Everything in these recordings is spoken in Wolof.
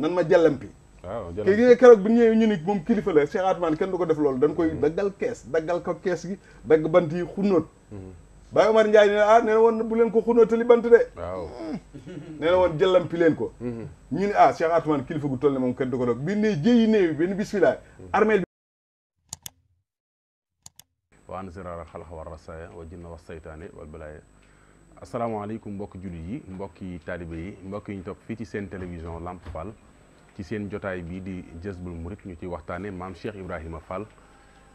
nan ma jàllampi waaw jërëjëf kii keroog bi ñëwee ñu ni moom kilifa la Cheikh Atman kenn du ko def loolu dañ koy mm-hmm. daggal kees daggal ko kees gi dagg bant yi xunóot. Baye Omar ah, nee na woon bu leen ko xunóotali bant de. waaw nee na woon jëlampi leen ko. Mm-hmm. ñu ne ah Cheikh Atman kilifa gu toll ne moom kenn du ko dog bi ne jéeyi néew benn bisimilah. Mm-hmm. bi. wa ansir ala asalaamaaleykum mbokki jullit yi mbokki taalibe yi mbokk yi ñu topp fii ci seen télévision Lamp Fall ci seen jotaay bii di Jazboul Mouride ñu ci waxtaanee maam Cheikh Ibrahima Fall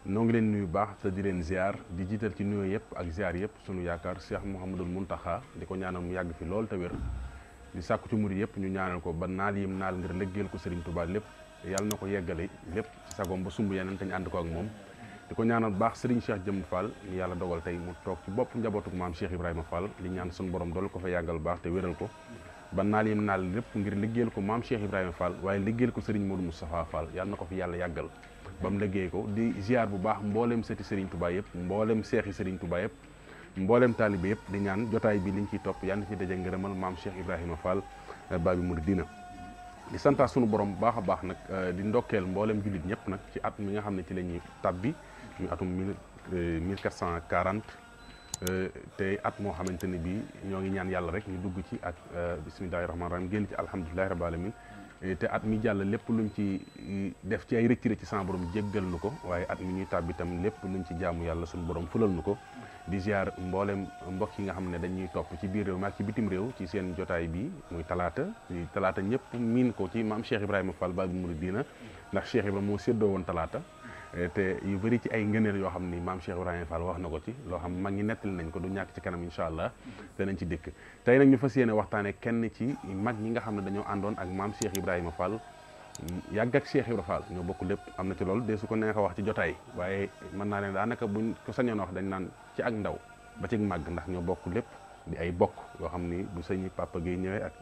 noo ngi leen nuyu baax te di leen ziar di jiital ci nuyoo yëpp ak ziar yëpp sunu yaakaar Cheikh Mouhamadul Mountakha di ko ñaanal mu yàgg fi lool te wér di sàkku ci murid yëpp ñu ñaanal ko ba naal yim naal ngir lëggeel ko Serigne Touba lépp yàlla na ko yeggale lépp ci sagoom ba sumb yeneen te ñu ko ak moom di ko ñaanal baax Serigne Cheikh Jëmm Fall mi yàlla dogal tey mu toog ci bopp njabootuk maam Cheikh Ibrahima Fall li ñaan suñu borom dool ko fa yàggal baax te wéral ko ba naal naal lépp ngir liggéeyal ko maam Cheikh Ibrahima waaye liggéeyal ko Serigne Modou Moustapha Fall yàlla na ko fi yàlla yàggal ba mu liggéey ko di ziar bu baax mbooleem sëti Serigne Touba yëpp mbooleem seexi Serigne Touba yëpp mbooleem taalibe yëpp di ñaan jotaay bi liñ ciy topp yàlla na ci daje ngërëmal maam Cheikh Ibrahima Fall euh, Babi Mouridina di santaa sunu borom baax a baax nag euh, di ndokkeel mbooleem jullit ñëpp nag ci at mi nga xam ne ci la ñuy tabbi ñu atum mille euh, mille quatre cent quarante euh, te at moo xamante ni bii ñoo ngi ñaan yàlla rek ñu dugg ci ak euh, bisimilahi rahmaani rahim génn ci alhamdulilahi rabbil alamin te at mi jàll lépp lu ñu ci def ci ay rëcc rëcc sans borom jéggal nu ko waaye at mi ñuy tàbbi itam lépp ñu ci jaamu yàlla suñu borom fulal nu ko di ziar mboolem mbokk yi nga xam ne dañuy topp ci biir réew mi ci bitim réew ci seen jotaay bi muy talaata talaata ñëpp miin ko ci maam Cheikh Ibrahima Fall Baabul Muridiina ndax Cheikh Ibrahima moo séddoo woon talaata te yu bëri ci ay ngëneel yoo xam ni maam Cheikh Ibrahima Fall wax na ko ci loo xam mag ñi nettali nañ ko du ñàkk ci kanam incha allah danañ ci dikk tey nag ñu fas yéene waxtaane kenn ci mag ñi nga xam ne dañoo àndoon ak maam Cheikh Ibrahima Fall yàgg ak Cheikh Ibrahima Fall ñoo bokk lépp am na ci loolu de su ko neexee wax ci jotaay waaye mën naa ne daanaka buñ ko sañoon wax dañ naan ci ak ndaw ba ci màgg ndax ñoo bokk lépp di ay bokk yoo xam ni bu sëñ Papa Guèye ñëwee ak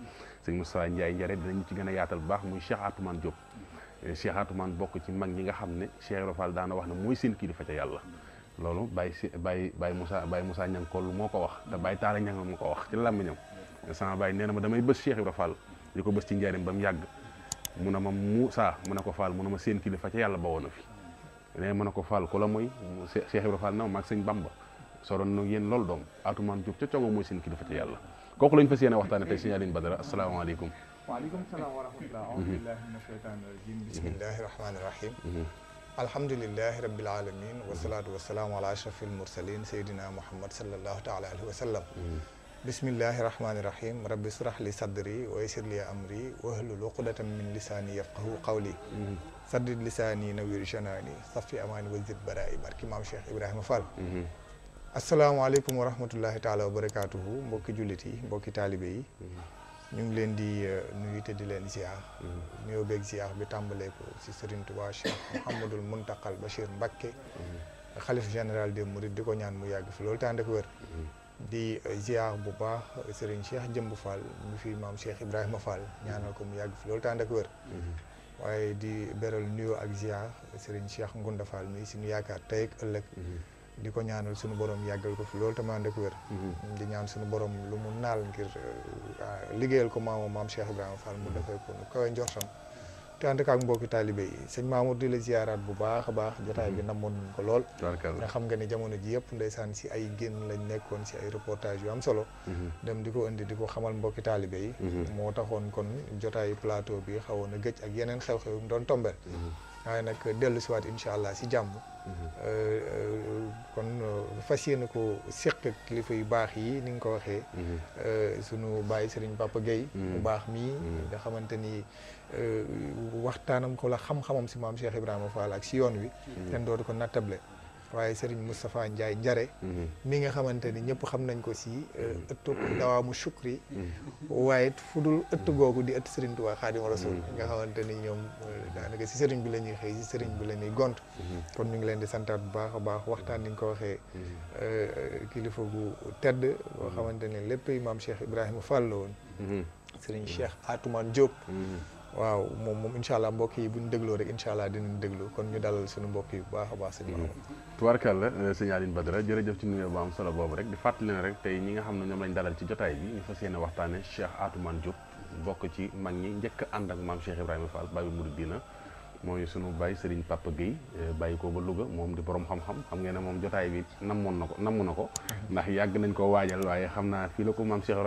sëñ Moussa Ndiaye Ndiare dinañ ci gën a yaatal bu baax muy Cheikh Atoumane Diop cheikh atuman bokk ci mag ñi nga xamne cheikh rofal da na wax na moy seen kilifa ca yalla lolu bay bay bay moussa bay moussa ñang kol moo ko wax te bay taala ñang moko wax ci ñew sama bay neena ma damay bëss cheikh rofal fall bëss ci njaarim bam mu muna ma moussa muna ko fall muna ma seen kilifa ca yalla na fi ne muna ko la cheikh rofal na mak bamba soron nu yeen lol dom atuman jub ca cogo moy seen kilifa ca yalla kooku lañ fassiyene waxtane tay tey aline badara alaykum وعليكم السلام ورحمه الله اعوذ بالله من الشيطان الرجيم بسم الله الرحمن الرحيم الحمد لله رب العالمين والصلاه والسلام على اشرف المرسلين سيدنا محمد صلى الله تعالى عليه وسلم بسم الله الرحمن الرحيم رب اشرح لي صدري ويسر لي امري واحلل عقدة من لساني يفقهوا قولي سدد لساني نوير شناني صفي اماني وزد برائي barki maam شيخ ابراهيم فال السلام عليكم ورحمه الله تعالى وبركاته mbokki جولتي yi mbokki ñu ngi leen di euh, nuyu te di leen ziar. Mm-hmm. nuyoo beeg ziar bi tàmbalee ko si Serigne Touba Cheikh Mouhamadul Muntakal Bachir Mbacké. Mm-hmm. xalif général de Mourides di ko ñaan mu yàgg fi loolu temps rek wér. Mm-hmm. di euh, ziar bu baax Serigne Cheikh Jëmb Fall mu fi maam Cheikh Ibrahima Fall ñaanal ko mu yàgg fi loolu temps rek wér. waaye di beral nuyoo ak ziar Serigne Cheikh Ngunda Fall mi suñu yaakaar tey ak ëllëg. di ko ñaanal suñu borom yàggal ko fi loolu te man dëkk wér mhm. di ñaan suñu borom lu mu naal ngir euh, ah, liggéeyal ko maamam maam Cheikh Ibrahima Fall mu defee ko nu kawe njortam te ànd ak mbokki taalibe yi sëñ Mamour di la ziyaaraat bu baax a baax mhm. jotaay bi nam namoon ko lool nga xam nga ni jamono ji yëpp ndeysaan si ay génn lañ nekkoon si ay reportage yu am solo mhm. dem di ko indi di ko xamal mbokki taalibe yi moo taxoon kon jotaayu plateau bi xawoon a gëj ak yeneen xew-xew doon tombeel waaye nag dellu si waat incha allah si jàmm. Mhm. Euh, euh, kon euh, fas yéene ko seq kilifa yu baax yii ni nga ko waxee. Mhm. sunu bàyyi Serigne Papa Gueye. bu mhm. baax mii. nga xamante ni waxtaanam ko la xam-xamam si maam Cheikh Ibrahima Fall ak si yoon wi. kenn dootu ko nattable. waye Serigne mustapha ndjay ndjaré mhm. mi nga xamanteni ñepp xam nañ ko si euh, mhm. ëttu dawaamu shukri mhm. waye fudul dul gogu di ëtt Serigne Touba khadim Rasul nga xamanteni ñom ñoom euh, daanaka si Serigne bi lañuy xey ci Serigne bi lañuy gont kon ñu ngi leen di santat bu baax baax waxtaan ni ko ko euh kilifa gu tedd bo xamanteni lepp imam Cheikh ibrahim fallo won Serigne Cheikh Atoumane Diop waaw mom mom inshallah mbokk yi buñu deglo rek inshallah dinañ deglo kon ñu dalal suñu mbokk yi bu baax tubaarkàlla eh, sëñ Aline Badara jërëjëf ci nuyoo bu am solo boobu rek di fàttali ne rek tey ñi nga xam ne ñoom lañ dalal ci jotaay bi ñu fas yéene waxtaane Cheikh Atoumane Diop bokk ci mag ñi njëkk ànd ak maam Cheikh Ibrahima Fall Baye Mouridina mooy sunu baay Serigne Papa Guèye eh, bàyyi ko ba Louga moom di borom xam-xam xam ne moom jotaay bi namoon na ko namm na ko ndax yàgg nañ koo waajal waaye xam naa fii la ko maam Cheikh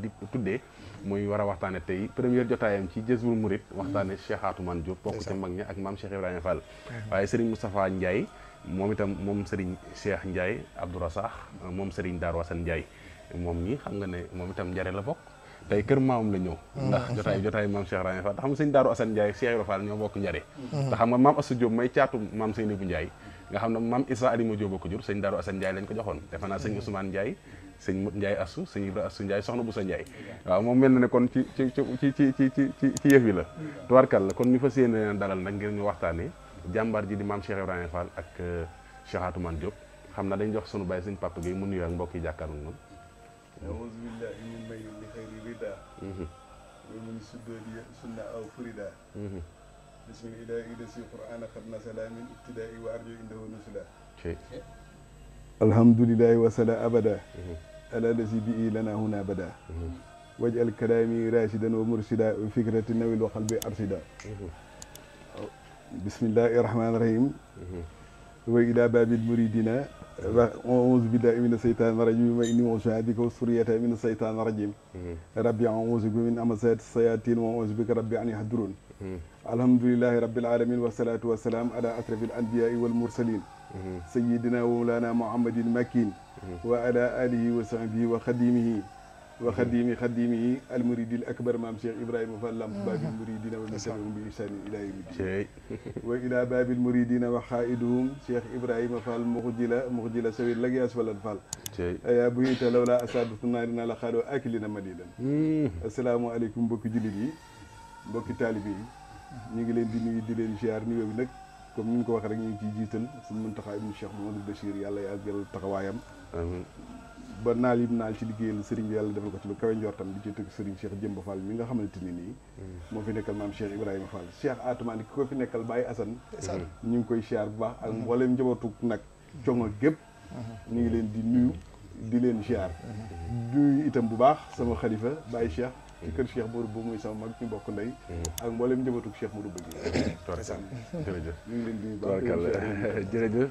di tuddee muy war a waxtaane tey première jotaayam ci Jazboul Mouride waxtaane Cheikh Atoumane Diop bokk ci mag ñi ak maam Cheikh Ibrahima Fall waaye Serigne Moustapha Ndiaye moom itam moom Serigne Cheikh Ndiaye Abdou Rassakh moom Serigne Darou Assane Ndiaye moom ñii xam nga ne moom itam njare la bokk tey kër maamam la ñëw mm-hmm. ndax jotaay jotaay maam Cheikh Rahane Fall mm-hmm. te xam nga sëñ Daaru Assane Ndiaye Cheikh bokk njare xam nga maam Assou Diop may caatu maam Seynabou Ndiaye nga xam ne maam Issa Alima Diop a ko jur sëñ Daaru Assane Ndiaye lañ ko joxoon defe naa sëñ Ousmane Ndiaye sëñ Mut Ndiaye Assou sëñ Ibra Assou Ndiaye bu sa Ndiaye waaw moom mel na ne kon ci ci ci ci ci ci ci yëf la tubaarkal la kon ñu fas yéene dalal nag ngir ñu waxtaanee jàmbaar ji di maam Cheikh Ibrahima Fall ak euh, Cheikh Atoumane Diop xam naa dañ jox sunu bàyyi suñ papa gi mu nuyoo ak mbokk yi jàkkaarloo noonu. awuzu billahi min may li xayri rida mhm. wa min suddoodi sunna aw si quraan i lana huna bada waj al kalaami wa mursida fikrati nawil wa qalbi arsida mhm. بسم الله الرحمن الرحيم وإلى باب المريدين أعوذ بالله من الشيطان الرجيم وإني أعوذ بك وسرية من الشيطان الرجيم ربي أعوذ بك من أمسات الشياطين وأعوذ بك ربي أن يحضرون الحمد لله رب العالمين والصلاة والسلام على أشرف الأنبياء والمرسلين سيدنا ومولانا محمد المكين وعلى آله وصحبه وخديمه وخديمي خديمي المريد الاكبر مام شيخ ابراهيم فال باب المريدين ومسلم بإحسان الى يوم الدين والى باب المريدين وخائدهم شيخ ابراهيم فال مخجل مخجل سوي لك اسفل الفال يا بويت لولا اساد نارنا لخالو اكلنا مديدا السلام عليكم بك جليدي بك طالبي نيغي لين دي نوي دي لين leen ziar nuyu bi nag comme ni ñu ko waxee rek ñu ngi ciy jiital suñu mën taxaw ibnu cheikh mamadou bachir yàlla ba naal yim naal ci liggéeyal sëriñ bi yàlla defal ko ci lu kawe njortam di ci tëgg sëriñ Cheikh Jëmba Fall mi nga xamante ni nii mm. moo fi nekkal maam Cheikh Ibrahima Fall Cheikh Atoumane ki ko fi nekkal Baye Assane mm. ñu ngi koy siyaar bu baax ak mm. mbooleem njabootu nag congo gépp mm-hmm. ñu ngi leen di nuyu di leen siyaar mm-hmm. itam bu baax sama mm-hmm. xalifa Baye Cheikh ci kër Cheikh Mourou bu muy sama mag ñu bokk ndey ak mboolem njabootu Cheikh Mourou ba ndeysaan jërëjëf ñu ngi leen di baax jërëjëf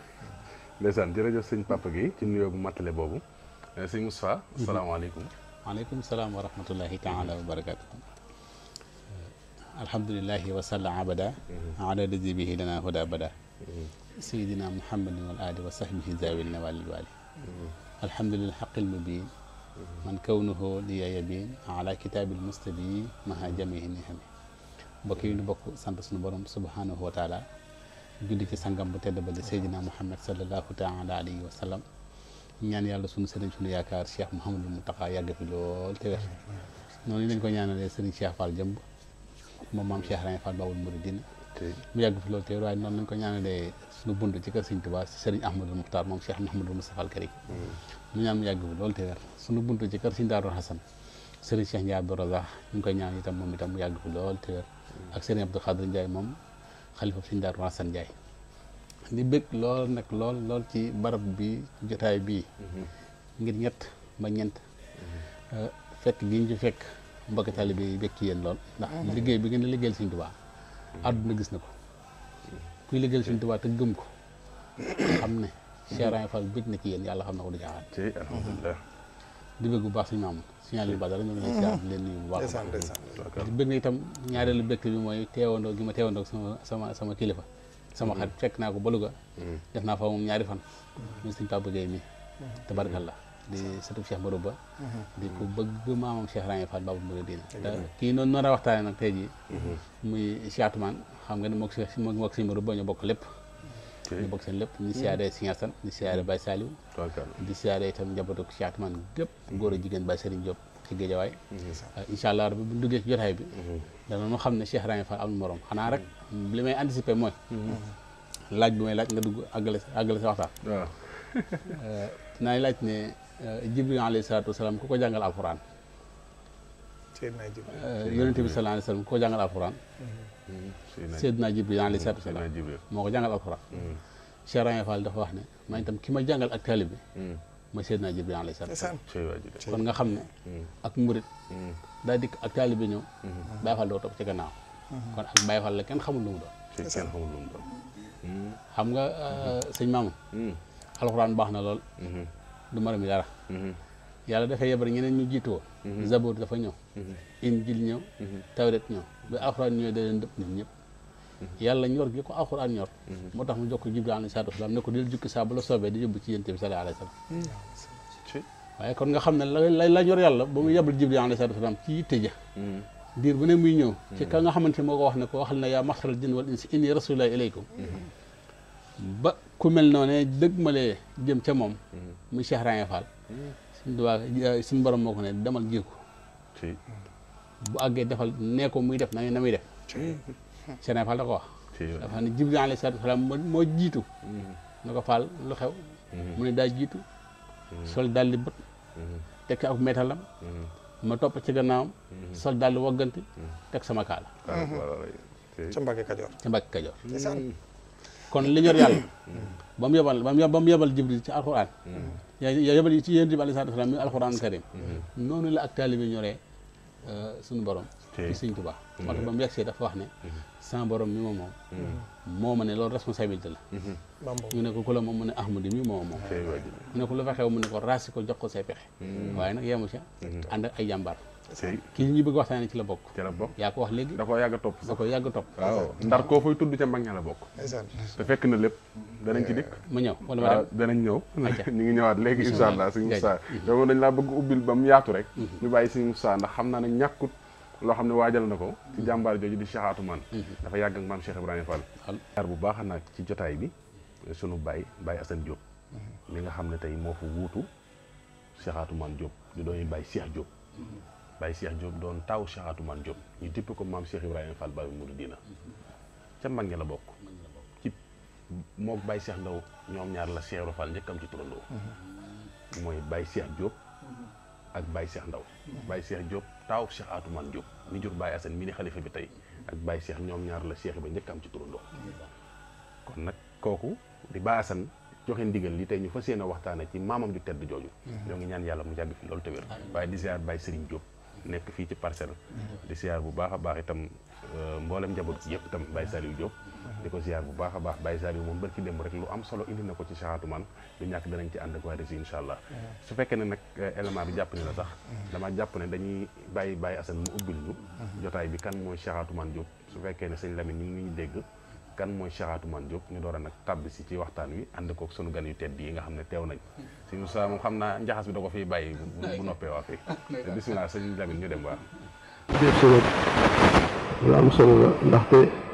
ndeysaan jërëjëf sëñ papa gi ci nuyoo bu mattale boobu سي موسى السلام عليكم وعليكم السلام ورحمة الله تعالى وبركاته الحمد لله وسلم عبدا على الذي به لنا هدى بدا سيدنا محمد والآل وصحبه ذوي النوال الوالي الحمد للحق المبين من كونه لي يبين على كتاب المستبي مع جميع النهم بكي نبك سنت سنبرم سبحانه وتعالى جدك سنغم بتدبل سيدنا محمد صلى الله تعالى عليه وسلم ñaan yàlla sunu sëriñ sunu yaakaar Cheikh Mouhamadou Mountakha yàgg fi lool te wér noonu lañ ko ñaanalee sëriñ Cheikh Fall jëmb moom maam Cheikh Rane Fall Baawul Mouridina mu yàgg fi lool te wér waaye noonu lañ ko ñaanalee sunu buntu ci kër sëriñ Touba sëriñ Ahmadou Moukhtar moom Cheikh Mouhamadou Moustapha Al Karim mm. mu ñaan mu yàgg fi lool te sunu buntu ci kër sëriñ Daaru Hasan sëriñ Cheikh Ndiaye Abdou Razak ñu ngi koy ñaan itam moom itam mu yàgg fi lool te wér mm. ak sëriñ Abdou Khadre Ndiaye moom xalifa sëriñ Daaru Hasan Ndiaye di bëgg lool nag lool lool ci barab bi jotaay bii mhm. ngir ñett ba ñeent mhm. euh, fekk gi ñu fekk mbokki taalibe yi bekk yéen lool ndax mhm. liggéey bi ngeen di liggéeyal Sëñ Tuubaa àdduna gis na ko kuy liggéeyal Sëñ Tuubaa te gëm ko xam ne Cheikh Ibra Fall bëgg yàlla xam na ko du jaaxaat alhamdulilah di bëgg bu baax suñu yu baax dara ñu ngi lay siyaar leen nuyu bu baax di bëgg na itam ñaareelu bëkk bi mooy teewandoo gi ma teewandoo sama sama sama kilifa sama xarit mhm. fekk naa ko ba Louga mhm. def naa fa moom ñaari fan muy sëñ Papa Gueye mi mhm. tabarkalla di sëtu seex Mbarou Ba di ko bëgg maamam Cheikh Rangé Fall Babou Mouridine te kii noonu noonu a waxtaane nag tey jii muy Cheikh Atoumane xam nga ne mook Cheikh mook sëñ Mbarou Ba ñoo bokk lépp ñu bokk seen lépp ñu siyaaree Sëñ Asan ñu siyaaree Baye Saliou di siyaaree itam njabootu Cheikh Atoumane gépp góor a jigéen Baye Serigne Diop ci géejawaay incha allah rabbi bu ñu duggee ci jotaay bi dana ñu xam ne Cheikh Rangé am na morom xanaa rek li may anticiper mooy. laaj bi may laaj nga dugg àggale àggale sa naay laaj ne euh, Jibril alayhi salaatu wa salaam ku ko jàngal alxuraan. Seydina Jibril euh, yonente bi sallallahu alayhi wa sallam ku ko jàngal alxuraan. Seydina Jibril moo ko jàngal alxuraan. Hmm. Cheikh Rahane Fall dafa wax ne man itam ki ma jàngal ak taalib bi. Hmm. mooy Seydina Jibril alayhi salaam. kon nga xam ne. Hmm. ak murit daa dikk ak taalib bi ñëw. Baay Fall doo topp ci gannaaw. kon ak Baye Fall la kenn xamul lu mu doon. Hmm. xam nga euh, sëñ Mamoun. Hmm. alxuraan baax na lool. Hmm. du maram yi dara. yàlla dafay yebar ñeneen ñu jiitu woon. Zabur dafa ñëw. Injil ñëw. Tawret ñëw ba alxuraan ñëwee da leen dëpp ñun ñëpp. yàlla ñor gi ko alxuraan ñor. moo tax mu jokk Jibril alayhi salaatu ko dil jukki saa bu la soobee di yóbbu ci yéen tamit sallallahu alayhi wasallam. waaye kon nga xam ne la la ñor yàlla ba mu yebal Jibril alayhi salaatu wasalaam ci yitte ja. diir bu ne muy ñëw hmm. ci ka nga xamante moo ko wax na ko waxal na yaa maxsaral jin wal insi inni rasulullah ilaykum hmm. ba ku mel noonu dëgg malee jëm ca moom hmm. muy Cheikh Rangé Fall suñ eh, borom moo ko ne demal jiiku bu àggee defal nee muy def na na muy def Cheikh Rangé Fall ko wax moo jiitu na ko Fall lu xew mu ne daa jiitu sol dalli bët tekki ak métalam ma top ci gannaawam. Mhm. sol dal wagganti mhm. tek sama kala mhm. ci mbake Kajoor kon li ñor yalla bam mu yebal ba mu ba yebal Jibril ci alquran ya yebal ya ci yeen jibril alayhi salaam mi alquran karim. nonu la ak taalibe ñoree euh, suñu borom. ci Sëñ touba moo tax ba mu yegsee dafa wax ne. sans borom mi ma moom mm-hmm. moo ma ne loolu responsabilité la mm-hmm. ñu ne ko ku la moom mu ne ahmadu mi moo moom mu ne ko lu fa xew mu ne ko raasi ko jox ko say pexe mm-hmm. waaye nag yemu ànd ak ay jàmbaar kii ñu bëgg waxtaane ci la bokk ci la bokk yaa ko wax léegi da koo yàgg topp ndar koo fay tudd ca mag ña la bokk te fekk na lépp danañ ci dikk ma ñëw wala ma dem danañ ñëw ñu ngi ñëwaat léegi incha allah sëñ Moussa donc dañ laa bëgg ubbil ba yaatu rek ñu bàyyi loo xam ne waajal na ko ci mm-hmm. jàmbaar jooju di Cheikh Atoumane mm-hmm. dafa yàgg ak maam Cheikh Ibrahima Fall jaar bu baax nag ci jotaay bi sunu baay baay Assane Diop mm-hmm. mi nga xam ne tey moo wuutu Cheikh Atoumane Diop di doon baay Cheikh Diop baay Cheikh Diop doon taaw Cheikh Atoumane Diop ñu dippe ko maam Cheikh Ibrahima Fall Baay Mouridina ca mag ñi la bokk ci mook baay Cheikh Ndaw ñoom ñaar la Cheikh Fall njëkkam ci turandoo mooy baay Cheikh Diop ak baay Cheikh Ndaw baay Cheikh Diop taaw Cheikh Atoumane Diop mi jur Baye Assane mi ni xalifa bi tey ak Baye Cheikh ñoom ñaar la Cheikh ba njëkk am ci turandoo kon nag kooku di Baye Assane joxe ndigal li tey ñu fas yéene waxtaane ci maamam ju tedd jooju mm-hmm. ñoo ngi ñaan yàlla mu yàgg fi loolu te wér waaye di ziar Baye Serigne nekk fii ci parcelle mm-hmm. di bu baax a baax itam euh, mboolem njaboot yëpp itam Baye Saliou jóob di ko ziar bu baax a baax Baye Saliou moom barki démb rek lu mm-hmm. eh, bi la sax mm-hmm. dama jàpp ne dañuy bàyyi Baye Assane mu ubbil ñu mm-hmm. bi kan mooy Saxaatu man Diop su fekkee ne sëñ Lamine ñu ngi ñuy dégg kan mooy Saxaatu man Diop ñu door a nag si ci waxtaan wi ànd kook sunu gan yu tedd yi nga xam ne teew nañ si moom xam naa njaxas bi da ko fiy bàyyi bu noppee waa fii bisimilah sëñ Lamine ñu dem waa lu am solo ndaxte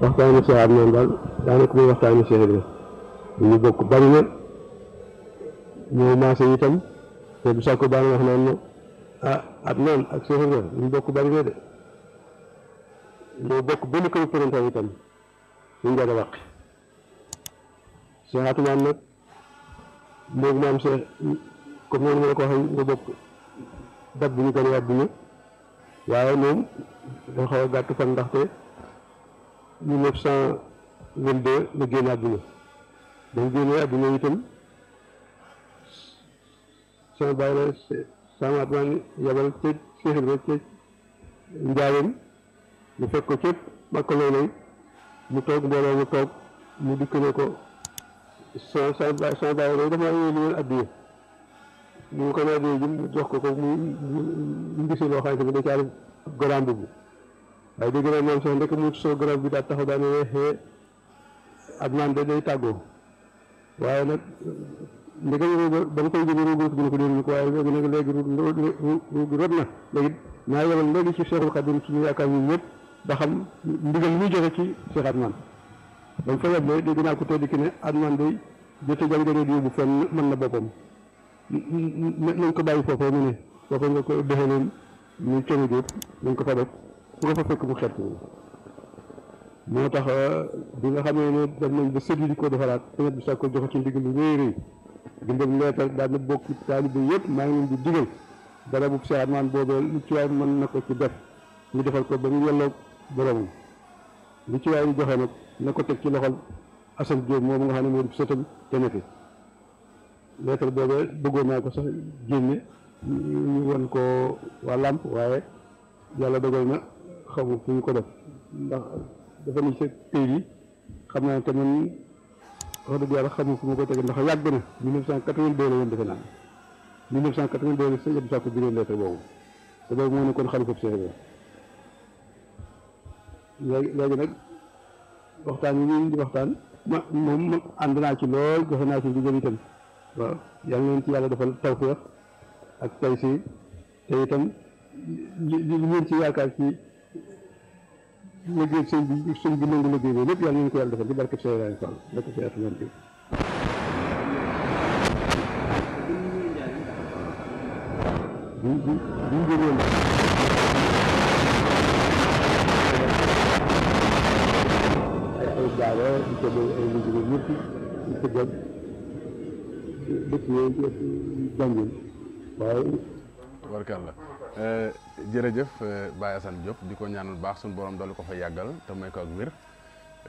waxtaanu Cheikh Ibra moom daal daanaka muy waxtaanu Cheikh Ibra ñu bokk bari na ñoo maase itam te du sàkko baan wax na ne ah ak Cheikh bokk bari na de ñoo bokk benn kër parental itam suñ dara wàq Cheikh Atumaan nag comme noonu ma la ko waxee ñu bokk dab bi ñu gën a waaye moom dafa xaw a gàtt fan ndaxte 1922 la génn àdduna ba mu génnee àdduna itam sama bàyyi la sama yabal ca Cheikh Ibrahima ca Njaareem mu fekk ko cëpp Makka loolu mu toog mu toog mu ne ko sama sama sama bàyyi la dama yónni woon àdduna mu ko naa dee jox ko ko mu mu gisee loo xamante ne da caa def bu waaye dégg naa moom sax ndek mu soo garab bi daal taxaw daane weexee ak naan da day tàggoo nag ba nga ko déglu ko waaye léegi nag léegi na léegi naa yebal léegi ci Seexul Xadim ci ñu yaakaar ñun ñëpp ci Seex Adnaan ba mu fa yeblee dégg naa ko tedd di yóbbu fenn mën na boppam nañ ko bàyyi foofa mu ne foofa nga ko dexee noonu ñu cëru jóob nañ ko fa def fu nga fa fekk mu xett moo tax euh, bi nga xamee ne dem nañ ba sëriñ di ko defaraat sëriñ bi sàkko joxe ci ndigal lu rëy rëy bindam leetal daal na bokk taalibe yëpp maa ngi leen di digal dara bu seexaat maan boobee lu ci waay mën na ko ci def ñu defal ko ba mu yelloo boromam lu ci waay joxe nag na ko teg ci loxol asal jóob moom nga xam ne moo di sëtam te ne leetal boobee bëggoon naa ko sax génne ñu won ko waa làmp waaye yàlla dogal na xamu fu ñu ko def ndax dafa ni sa tey bi xam naa te man wax dëgg yàlla xamu fu mu ko teg ndax yàgg na 1982 la woon defe naa 1982 la sëñ Abdou Sakho bindee lettre boobu te boobu moo nekkoon xalifa Cheikh Ibrahima léegi léegi nag waxtaan yi waxtaan ma moom ànd naa ci lool defe naa ci liggéey itam waaw yal na leen defal tawfeex ak tey si te itam li li leen ci yaakaar ci liggéey sëñ bi sëñ bi nangu liggéey boobu lépp yàlla ñu ko yàlla defal ci barke Sëñ Ibrahima Fall barke Sëñ Asmane Diop bu bu bu ñu jógee ndax ay ay daara di ko doon ay liggéey ñëpp di ko jot dëkk yooyu jot jàngul waaye barkalla Euh, jërëjëf euh, Baye Assane Diop di ko ñaanal baax suñu borom dolli ko fa yàggal te may ko ak wér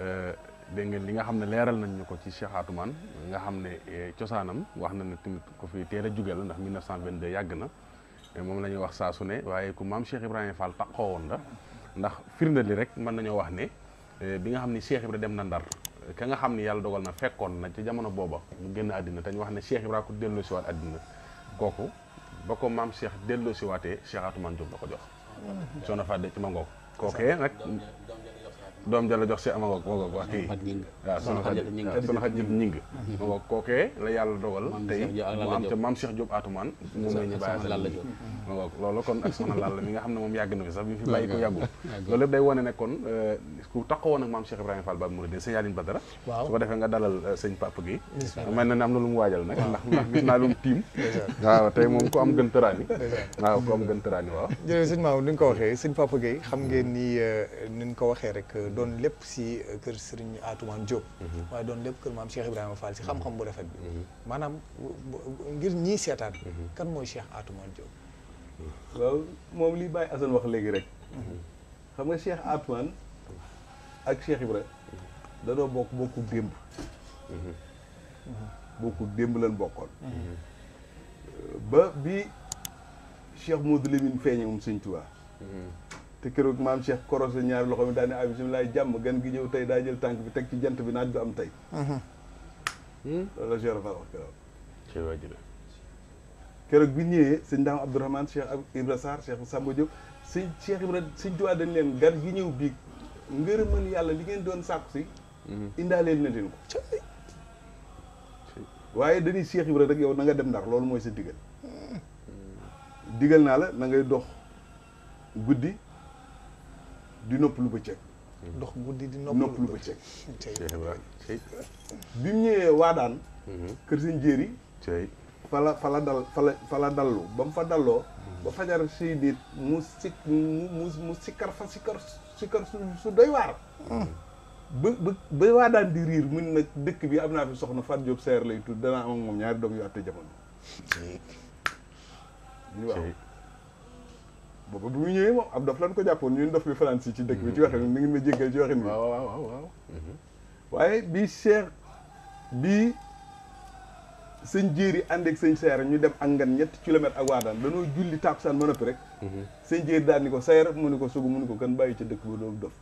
euh, dégg ngeen li nga xam ne leeral nañ ñu ko ci Cheikh Atoumane nga xam ne cosaanam wax na ne tamit ko fi teel a jóge la ndax 1922 yàgg na moom la ñuy wax saa su ne waaye ku maam Cheikh Ibrahima Fall taxoo woon la ndax firnde li rek mën nañoo wax ne bi nga xam ni Cheikh Ibrahima dem na Ndar ka nga xam ne yàlla dogal na fekkoon na ci jamono booba mu génn àddina te wax ne Cheikh Ibrahima ku dellu siwaat àddina kooku boo ko maam Cheikh delloo si waatee Cheikh Atoumane Diop la ko jox. soxna Fadde ci ma ngoog. kookee nag doom jala jox si ama a ma ngoog ma ngoog kookee la yàlla dogal maam Cheikh Diop Atoumane la ñu mi nga xam ne moom yàgg na fi sax bi fi bàyyi ko yàggul loolu lépp day wane ne kon euh, ku taxawoon ak maam Cheikh Ibrahima Fall Baab Mourideen sëñ Aline Badara su ko defee nga dalal euh, sëñ Papa Guèye mel am na lu mu waajal nag ndax ndax gis naa tiim waaw tey moom ku am gën tëraani waaw ku am gën tëraani waaw jërëjëf Maam ni nga ko waxee sëñ Papa Guèye xam ngeen ni euh, ni nga ko waxee doon lépp si euh, kër Serigne Atoumane Diop. Mhm. waaye doon lépp kër maam Cheikh Ibrahima Fall si mhm. xam-xam bu rafet bi. Mhm. maanaam ngir ñii seetaan. kan mooy Cheikh Atoumane Diop. waaw moom li Baye Assane wax léegi rek. xam nga Cheikh Atoumane ak Cheikh Ibrahima danoo bokk bokku démb. bokku démb lan bokkoon. Euh, ba bi Cheikh Modou Lamine feeñe moom Sëñ te keroog maam Cheikh korose ñaari loxo mi daal ne ah bisimilah jàmm gan gi ñëw tey daa jël tànk bi teg ci jant bi naaj bi am tey. Mhm. Hmm? loolu bi ñëwee sëñ Daam Abdourahmane Cheikh Ibra Sarr Cheikh Samba Diop sëñ Cheikh Ibra sëñ dañ leen gan gi ñëw biig ngërëmal yàlla li ngeen doon sàkku si. Mhm. indaaleel na leen ko. waaye dañuy Cheikh Ibra rek yow na nga dem Ndar loolu mooy sa digal. Hmm. digal naa la na ngay dox guddi. di noppalu bëccëg. dox guddi di noppalu bëccëg. bi mu ñëwee waadaan. Mm-hmm. kër sëñ jéeri. fala fala dal fala fala dallu ba mu fa dalloo. Mm-hmm. ba fajar si nit mu si mu mu sikkar fa sikkar sikkar su su doy waar. Mm-hmm. ba ba ba waa di riir mun nag dëkk bi am naa fi soxna Fatou Diop seer lay tudd danaa am moom ñaari doom yu àtte jamono. booba bu mu ñëwee moom ab dof ko jàppoon ñun dof bi France ci dëkk bi ci waxin ni ngeen ma jéggal ci waxin bi waaw waaw waaw mhm. waaye bii Cheikh bii sëñ jéeri ànd ak sëñ seer ñu dem angan ñetti kilomètre ak waa daan dañoo julli tàkkusaan ma noppi rek mhm. sëñ jéeri daan ni ko seer mu ni ko sugu mu ni ko kan bàyyi ca dëkk ba doomu dof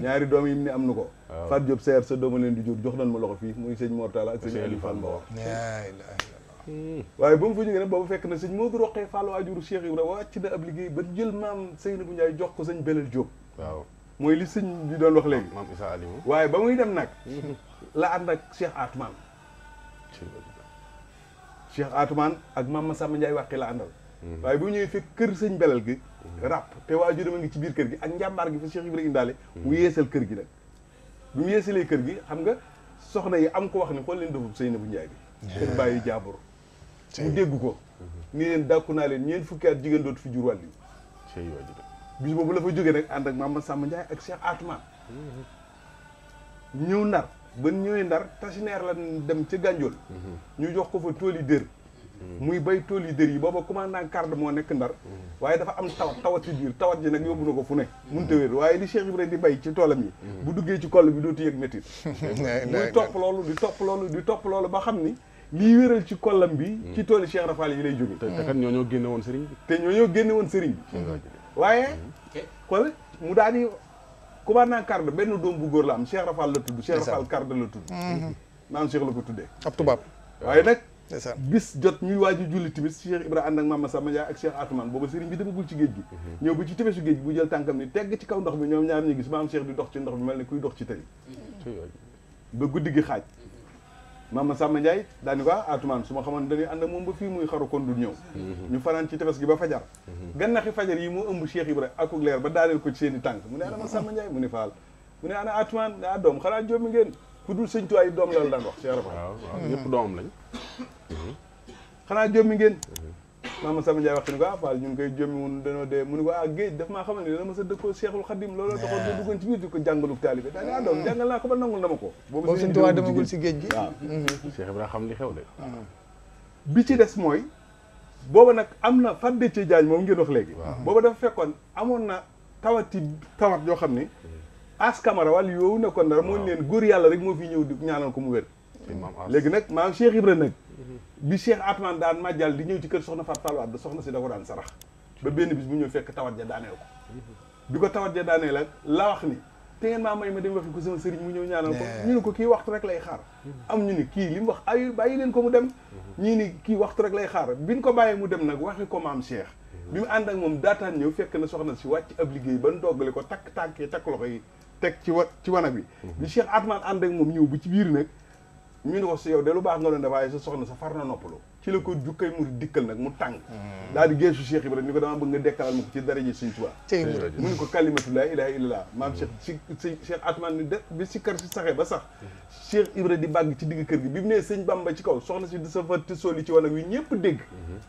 ñaari doom yi mu am na ko Faat Diop sa dooma leen di jur jox nañ ma loxo fii muy sëñ Mortala ak sëñ Aliou Fall Mbaor Hmm. waaye ba mu fa jógee nag boobu fekk na sëñ Modou Roqee Fall waajuru Cheikh Ibra wàcc liggéey ba jël maam Seynabou Ndiaye jox ko sëñ Belel Diop waaw mooy li sëñ bi doon wax maam Issa Aliou waaye ba muy dem nag hmm. la ànd ak Cheikh Atman Cheikh ak maam ma Ndiaye wàqi la àndal hmm. waaye bu ñëwee fekk kër sëñ Belel gi ràpp te a ngi ci biir kër gi ak njàmbaar gi fa Cheikh Ibra indaale mu yeesal kër gi nag bi mu yeesalee kër gi xam nga soxna yi am ko wax ni xool leen dofub Seynabou Ndiaye bi kër bàyyi jaabur mu dégg ko nii leen dàkku naa leen ñeent fukki at jigéen dootu fi jur wàll yi bis boobu la fa jógee nag ànd ak Mama Samba Ndiaye ak Cheikh Atma ñëw ndar ba ñëwee ndar tasineer la dem ci gànjool ñu jox ko fa tool yi dër muy bay tool yi dër yi booba commandant carte moo nekk ndar waaye dafa am tawat tawat ci biir tawat ji nag yóbbu na ko fu ne munta wér waaye li Cheikh rek di bay ci toolam yi bu duggee ci kol bi dootu yëg métit muy topp loolu di topp loolu di topp xam ni lii wéral ci kollam bi hmm. ci tooli Cheikh Rafal yi lay joggé hmm. té kan ñoño génné won sëriñ bi té ñoño génné won sëriñ wayé hmm. waaye eh. xool mu ku ba na carte benn doom bu góor la am Cheikh Rafal la tuddu Cheikh Rafal carte la tuddu nan Cheikh la ko tuddé ab tubaab waaye nag bis jot ñuy waji julli timis Cheikh ibrahim ànd ak Mama Samba Ndiaye ak Cheikh Atoumane booba sëriñ bi demagul ci géej gi ñëw ba ci tefesu géej gi bu jël tankam ni tégg ci kaw ndox bi ñom ñaar ñi gis am Cheikh di dox ci ndox bi melni kuy dox ci tali ba guddigi xaj maama Samba Ndiaye daal ni ko ah Atoumane su ma xamoon dañuy ànd moom ba fii muy xaru kon du ñëw mhm. ñu fanaan ci tefes gi ba fajar mhm. gannaxi fajar yi moo ëmb Cheikh Ibra akuk leer ba daaneel ko ci seen tànk mu ne ana ma Samba Ndiaye mu ne faal mu ne ana Atoumane daa ah, doom xanaa jommi ngeen ku dul sëñ tuwaay doom la daan wax Cheikh Ibra ñëpp doomam lañ xanaa jommi ngeen mhm. maama Sama Ndiaye waxtu ni ko ah Fall ñu koy jëmmi woon danoo dee mu ni ko ah géej daf maa xamal ne dana ma sa dëkkoo Cheikhul Khadim looloo taxoon nga duggoon ci biir di ko jàngalu taalibe daa ne ah, doom mm. jàngal naa ko ba nangul dama gi waaw mm-hmm. Cheikh Ibrahima xam li xew de mm. bi ci des mooy booba nag am na fàdde ci jaañ moom ngeen wax léegi mm-hmm. booba dafa fekkoon amoon na tawati tawat yoo xam ni mm. as camara wàll yoowu nekkoon dara moo leen góor yàlla rek moo fi ñëw di ñaanal ko mu wér léegi nag maam Cheikh Ibrahima nag bi Cheikh Atman daan màjjal di ñëw ci kër soxna Faat Fall Wade soxna si da ko daan sarax ba benn bis bu ñëw fekk tawat ja daaneel ko bi ko tawat ja daaneel la la wax ni te ngeen maa may ma dem waxi ko sama sëriñ mu ñëw ñaanal ko ñu ne ko kii waxtu rek lay xaar am ñu ni kii li mu wax ay bàyyi leen ko mu dem ñii ni kii waxtu rek lay xaar biñ ko bàyyee mu dem nag waxi ko maam Cheikh bi mu ànd ak moom daataan ñëw fekk na soxna si wàcc ab liggéey ban doggale ko takk tànkee takk loxo yi teg ci wa ci wanag bi mm-hmm. bi Cheikh Atman ànd ak moom ñëw bu ci biir nag ñu ne ko si yow de lu baax nga doon def waaye sa soxna sa far na noppalu ci la ko jukkay mu dikkal nag mu tàng hmm. daal di geesu Cheikh Ibrahima ni ko dama bëgg nga dekkalal ko ci daraje Sëñ Tuubaa mu ne ko kalimatu laa ilaaha illallah hmm. maam Cheikh si Cheikh Atman ni de bi si si saxee ba sax Cheikh Ibrahima di bàgg ci digg kër gi bi mu nee Sëñ Bamba ci kaw soxna si di sa fa te soli ci wan ak wi ñëpp dégg hmm.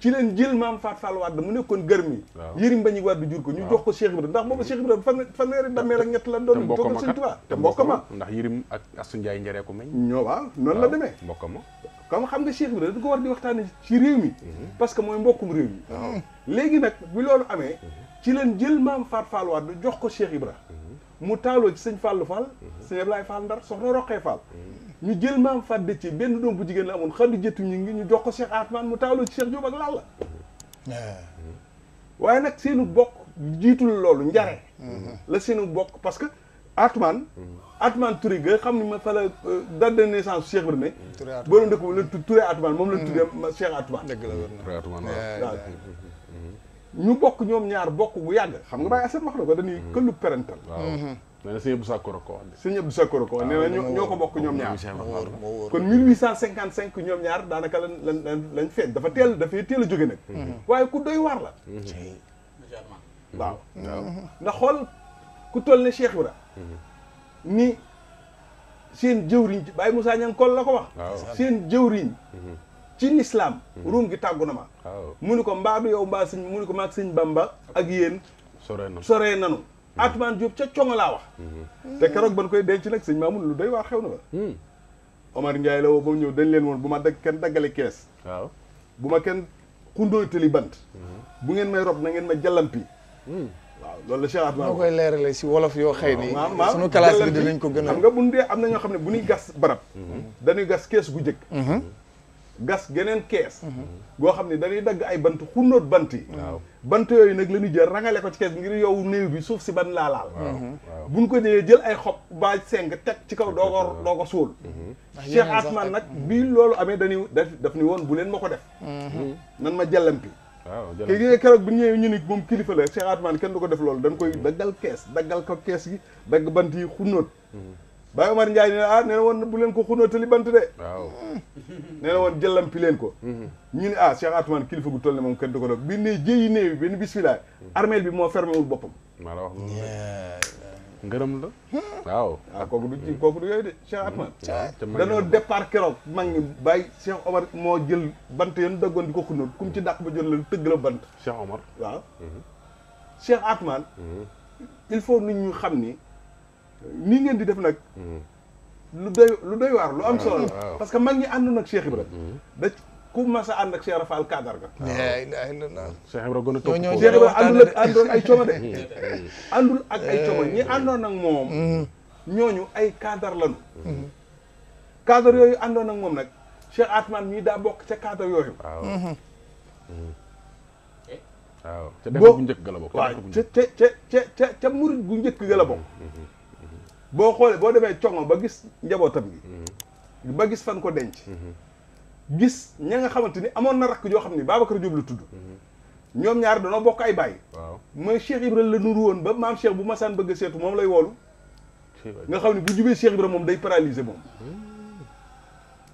ci leen jël maam Faat Fall Wade mu nekkoon gërmi Yërim Mbañi Wade jur ko ñu jox ko Cheikh Ibra ndax booba Cheikh Ibra fan fanweeri dammeel ak ñett la doon jokkal Sëñ Tuubaa te mbokk ma ndax Yërim ak Asu Njaay njaree ko meñ ñoo waaw noonu la demee mbokk ma comme xam nga Cheikh Ibra dañ ko war di ci réew mi mhm. parce que mooy mbokkum réew mi léegi nag bi loolu amee mhm. ci leen jël maam Faat Fall Wade jox ko Cheikh Ibra mhm. mu taaloo ci sëñ Fallou Fall sëñ Ablaye Fall Ndar soxna Roqee Fall ñu jël maam fàdde ci benn doom bu jigéen la amoon xandu jëtu ñu ngi ñu jox ko Cheikh Atman mu taaloo ci Cheikh Diop ak ah. waaye nag seenu bokk jiitul loolu njare mm-hmm. la seenu bokk parce que Atman mm-hmm. Atman Touré ga xam ni ma fa la euh, date de naissance Cheikh Birame mm-hmm. borom dëkk moom la Touré Atman moom la tuddee Cheikh Atman dëgg la ñu bokk ñoom ñaar bokk bu yàgg xam nga bàyyi aset wax na ko dañuy këllu parental Ah, nee na sëñ Abdou Sakoro ko wax sëñ Abdou Sakoro ko wax nee na ñoo ko bokk ñoom ñaar kon 1855 ñoom ñaar daanaka lañ lañ lañ feeñ dafa teel dafay teel a jóge nag mhm. waaye ku doy waar la mhm. waaw xool ku toll ne Cheikh Ibra mhm. ni seen jëwriñ Baye Moussa la ko wax seen jëwriñ ci lislaam ruum gi tàggu na ma mu ni ko mbaa bi yow mbaa sëñ mu ni ko maag sëñ Bamba ak yéen sore nanu Atoumane Diop ca conga laa wax te ba ban koy denc nag sëñ Mamoun lu day waar xew na ba hmm. Omar Ndiaye la woo ba mu ñëw dañ leen woon bu ma dag kenn daggale kees waaw bu ma kenn xundóotali bant hmm. bu ngeen may rob na ngeen ma jallampi hmm. waaw loolu la Cheikh Atoumane moo koy si wolof yoo xëy ni sunu classe bi dinañ ko gën xam nga bu ñu dee am na ñoo xam ne bu ñuy gas barab dañuy gas kees gu jëkk gas geneen kees mhm. goo xam ne dañuy dagg ay bant xunóot bant yi bant yooyu nag la ñuy jël rangale ko ci kees ngir yow néew bi suuf si ban bu mhm. buñ ko jëlee jël ay xob baaj seng teg ci kaw doo ko doo ko suul mhm. Asman nag bii loolu amee dañuy def daf ni woon bu leen ma ko def nan ma jallampi waaw jërëjëf kii keroog bi ñëwee ñu ni moom kilifa la Cheikh Atman kenn du ko def loolu dañ koy daggal kees daggal ko kees gi dagg bant yi xunóot Baye Omar Ndiaye nee na ah nee na woon bu leen ko xunóotali bant de waaw nee na leen ko mhm. ñu ne ah, kilifa gu toll ne moom ko doog bi ne jéeyi néewi benn armeel bi moo fermé wul boppam maa la wax ngërëm la hmm. waaw waaw ah, kooku du ci kooku du yooyu mhm. moo jël bant yoon daggoon di ko xunóot kum ci dàq ba jot la lu tëgg la bant mhm. il faut nit ñu xam ni nii ngeen di def nak lu doy lu doy war lu am solo parce que mag ñi àndoon ak Cheikh ibrahim da ku ma sa and ak Cheikh Rafal Kadar ga. waaw waaw Cheikh ibrahim gën top Cheikh ibrahim àndul ak àndoon ay choma de. andul ak ay choma ñi andon ak mom ñoñu ay kadar lañu. kadar yoyu andon ak mom nak Cheikh Atman mi da bok ci kadar yoyu waaw. Mm-hmm. Eh? waaw ca def bu njëkk ga la bokk. waaw ca ca ca ca bu njëkk ga la bo xol bo demee ciongo ba gis njabotam gi mm-hmm. ba gis fan ko denc mm-hmm. gis ña nga xamanteni amon amoon na rakk yoo xam ni Babacar Diop la tudd mm-hmm. ñoom ñaar dañu bokk ay bay waaw mooy Cheikh ibrahim la nuru won ba mam Cheikh bu masaan bëgg setu mom lay wolu nga xamni bu jubee Cheikh ibrahim mom day paralyser mom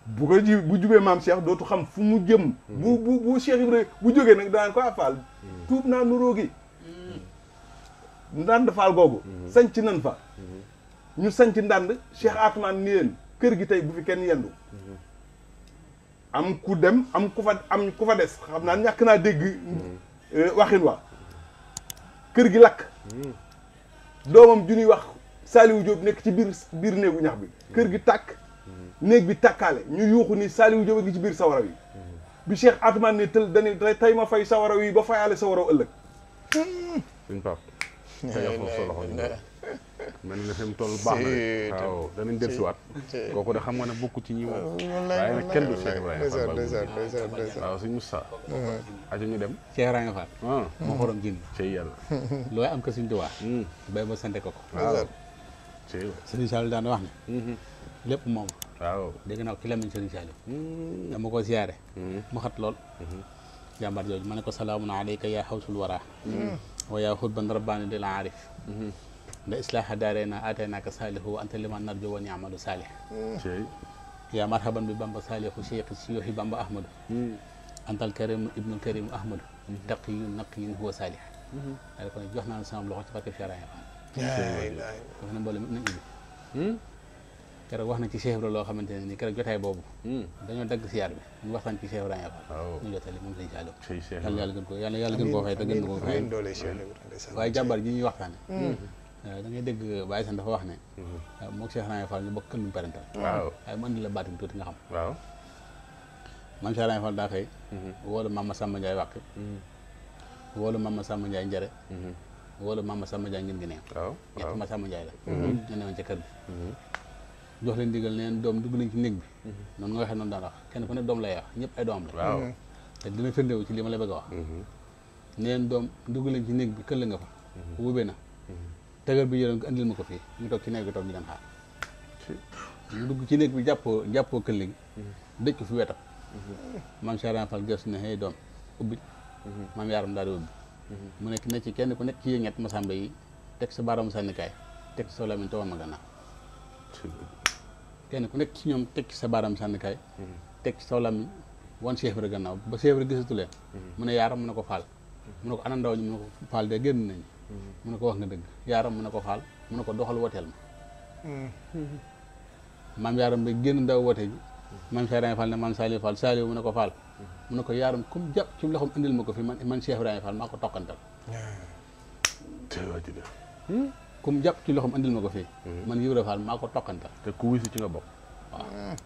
bu ko ji bu jubee mam Cheikh dootu xam fu mu jëm bu bu bu Cheikh ibrahim bu nak da nga ko afal tuub na nuru gi ndand faal googu sanc nan fa ñu sanc ndànd Cheikh Atman ni leen kër gi tey bu fi kenn yendu am ku dem am ku fa am ku fa des xam naa ñàkk naa dégg euh, waxin wa kër gi lakk doomam ju ñuy wax Saliou Diop nekk ci biir biir néegu ñax bi kër gi tàkk néeg bi tàkkaale ñu yuuxu ni Saliou Diop a ngi ci biir sawara wi bi Cheikh Atman ne tël dani tey ma fay sawara wi ba fayaale sawaraw ëllëg man la fem toll baax na waaw da danañ del suwaat koku da xam nga ne bokku ci ñi moom ah, waaye nag kenn du Cheikh Ibrahima Fall waaw suñ Moussa uh-huh. aju ñu dem Cheikh Ibrahima Fall ah. moo xorom jinn cey yalla loy am ko suñ duwaa hmm. bay ma sante ko ko waaw cey sëriñ Saliou daan wax ne mm-hmm. lepp mom waaw dégg na ki lamine lamiñ sëriñ Saliou mm-hmm. dama ko siyaare mm-hmm. mu xat lol jambar jooju maneko salamun alayka ya hawsul wara wa ya xutban rabbani lil arif لإصلاح دارنا آتيناك صالح وأنت لمن نرجو ونعمل صالح يا مرحبا ببامبا صالح شيخ الشيوخ بامبا أحمد أنت الكريم ابن الكريم أحمد تقي نقي هو صالح daal ko ne jox naa sama loxo ci barke Cheikh Ibrahima Fall wax na mboolem nañ ibi keroog wax na ci Cheikh Ibrahima loo xamante ne nii keroog jotaay boobu dañoo dagg siyaar bi ñu waxtaan ci Cheikh Ibrahima Fall ñu jotali moom lañ salo yàlla yàlla gën ko yàlla yàlla gën koo fay te gën koo fay waaye jàmbar ji ñuy waxtaane Euh, da ngay dégg Baye Sane dafa wax ne. Mhm. Euh, moog Cheikh Ibrahima Fall ñu bokk kër lu mu parental. waaw waaye man di la baatin tuuti nga xam. waaw man Cheikh Ibrahima Fall daa xëy. Mhm. wóolu ma Samba Ndiaye wàq. Mhm. wóolu Mama Samba Ndiaye njare. wóolu Mama Samba Ndiaye ngeen gi ne. waaw waaw ñett ma Samba Ndiaye la. ñu newoon ca kër bi. jox leen digal neen doom dugg nañ ci néeg bi. noonu nga waxee noonu daan wax kenn ku ne doom lay wax ñëpp ay doom la. waaw te dina firndewu ci li ma la bëgg a wax. neen doom dugg nañ néeg bi këll nga fa. na. tegal bi yoroon ko andil ma ko fii ñu toog ci néeg bi toog ñu mu dugg ci néeg bi jàppoo jàppoo këllëg dëj ko fi wetam maam Cheikh Fall gëstu ne xëy doom ubbi maam yaaram daal di ubbi mu nekk na ci kenn ku nekk ci ñett masamba yi teg sa baaraamu sànnikaay teg sa lamiñ tawam ma gannaaw kenn ku nekk ci ñoom teg sa baaraamu sànnikaay teg sa lamiñ wan chef gannaaw ba chef rek gisatu leen mu ne yaaram mu ne ko faal mu ne ko ana ndaw ñi mu ko faal de génn nañu mu na ko wax nga dëgg yaaram mu ne ko faal mu ne ko doxal woteel ma mm. maam yaaram ba génn daw wote ji maam Cheikh Ibrahima Fall ne maam Saliou Fall Saliou mu ko Fall mu ne ko yaram comme jàpp ci loxoom indil ma ko fi man man Cheikh Ibrahima ko tokkantal comme ci loxoom indil ma ko fii mm-hmm. man Ibra Fall maa ko tokkantal te ku ci nga bokk waaw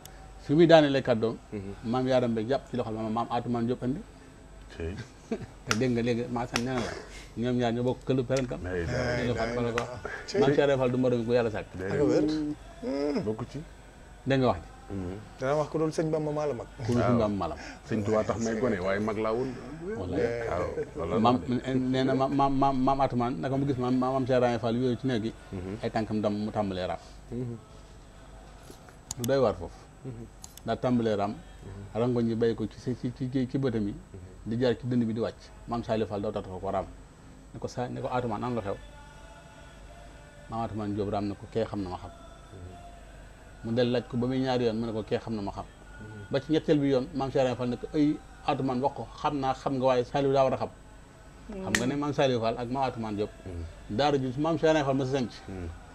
su muy daanele kàddoom mm-hmm. maam yaaram ba jàpp ci loxoom maam aatu maam Diop te dégg nga léegi maa san nee na la ñoom ñaar ñoo bokk këlu perentam ñu fat ko la ko du moroom ku yàlla sàkk hmm. bokk ci dégg nga wax ji hmm. danaa wax ko doon sëñ ba maalam mag ku dul sëñ Bamba maalam sëñ Tuubaa gone waaye mag laa woon wallaahi maam nee na maam maam maam Atumaan naka mu gis maam maam Cheikh Fall yooyu ci néeg gi hmm. ay tànkam dam mu tàmbalee raam lu doy waar foofu ndax tàmbalee raam rangoñ bay ko ci ci ci ci bëtam di jaar ci dënd bi di wàcc maam Saliou Fall daw taxaw ko raam ne ko sa ne ko Atoumane nan la xew maam Atoumane Diop raam ne ko kee xam na ma xam mm-hmm. mu del laaj ko ba muy ñaari yoon mu ne ko kee xam na ma xam mm-hmm. ba ci ñetteel bi yoon maam Saliou Fall ne ko ay Atoumane wax ko xam naa xam nga waaye Saliou daa war a xam mm-hmm. xam nga ne maam Saliou Fall ak maam Atoumane Diop daara ju maam Saliou Fall ma sa sanc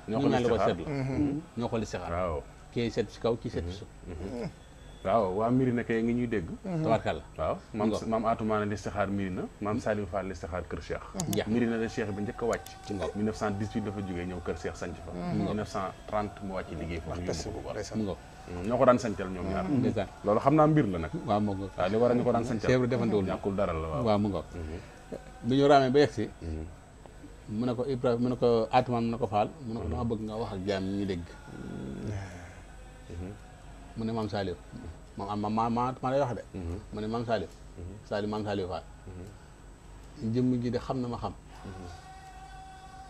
ñoo ko li seet la ñoo ci kaw kii seet ci suuf waaw waa Mirina kay ngi ñuy dégg. Mhm. tabarkalla waaw maam maam Atoumane listixaar Mirina maam Saliou Fall listixaar kër Cheikh. Mirina la Cheikh bi njëkk a wàcc. ci ngoog 1918 dafa jógee ñëw kër Cheikh sanc fa. 1930 mhm. mu wàcc liggéey foofu yóbbu ko ko war. Mhm. ñoo ko daan sancal ñoom ñaar. ndeysaan loolu xam naa mbir la nag. waaw mu ngoog waaw li war a ñu ko daan sancal. chèvre defantewul ñàkkul dara la waaw waaw mu ngoog. ne ko Ibrahima mu ne ko Atoumane mu ne ko Fall. mu ne ko dama bëgg nga wax ak jaam ñu dégg mu ne maam Saliou moom ma ma ma ma lay wax de mu ne maam Saliou Saliou maam ji de xam na ma xam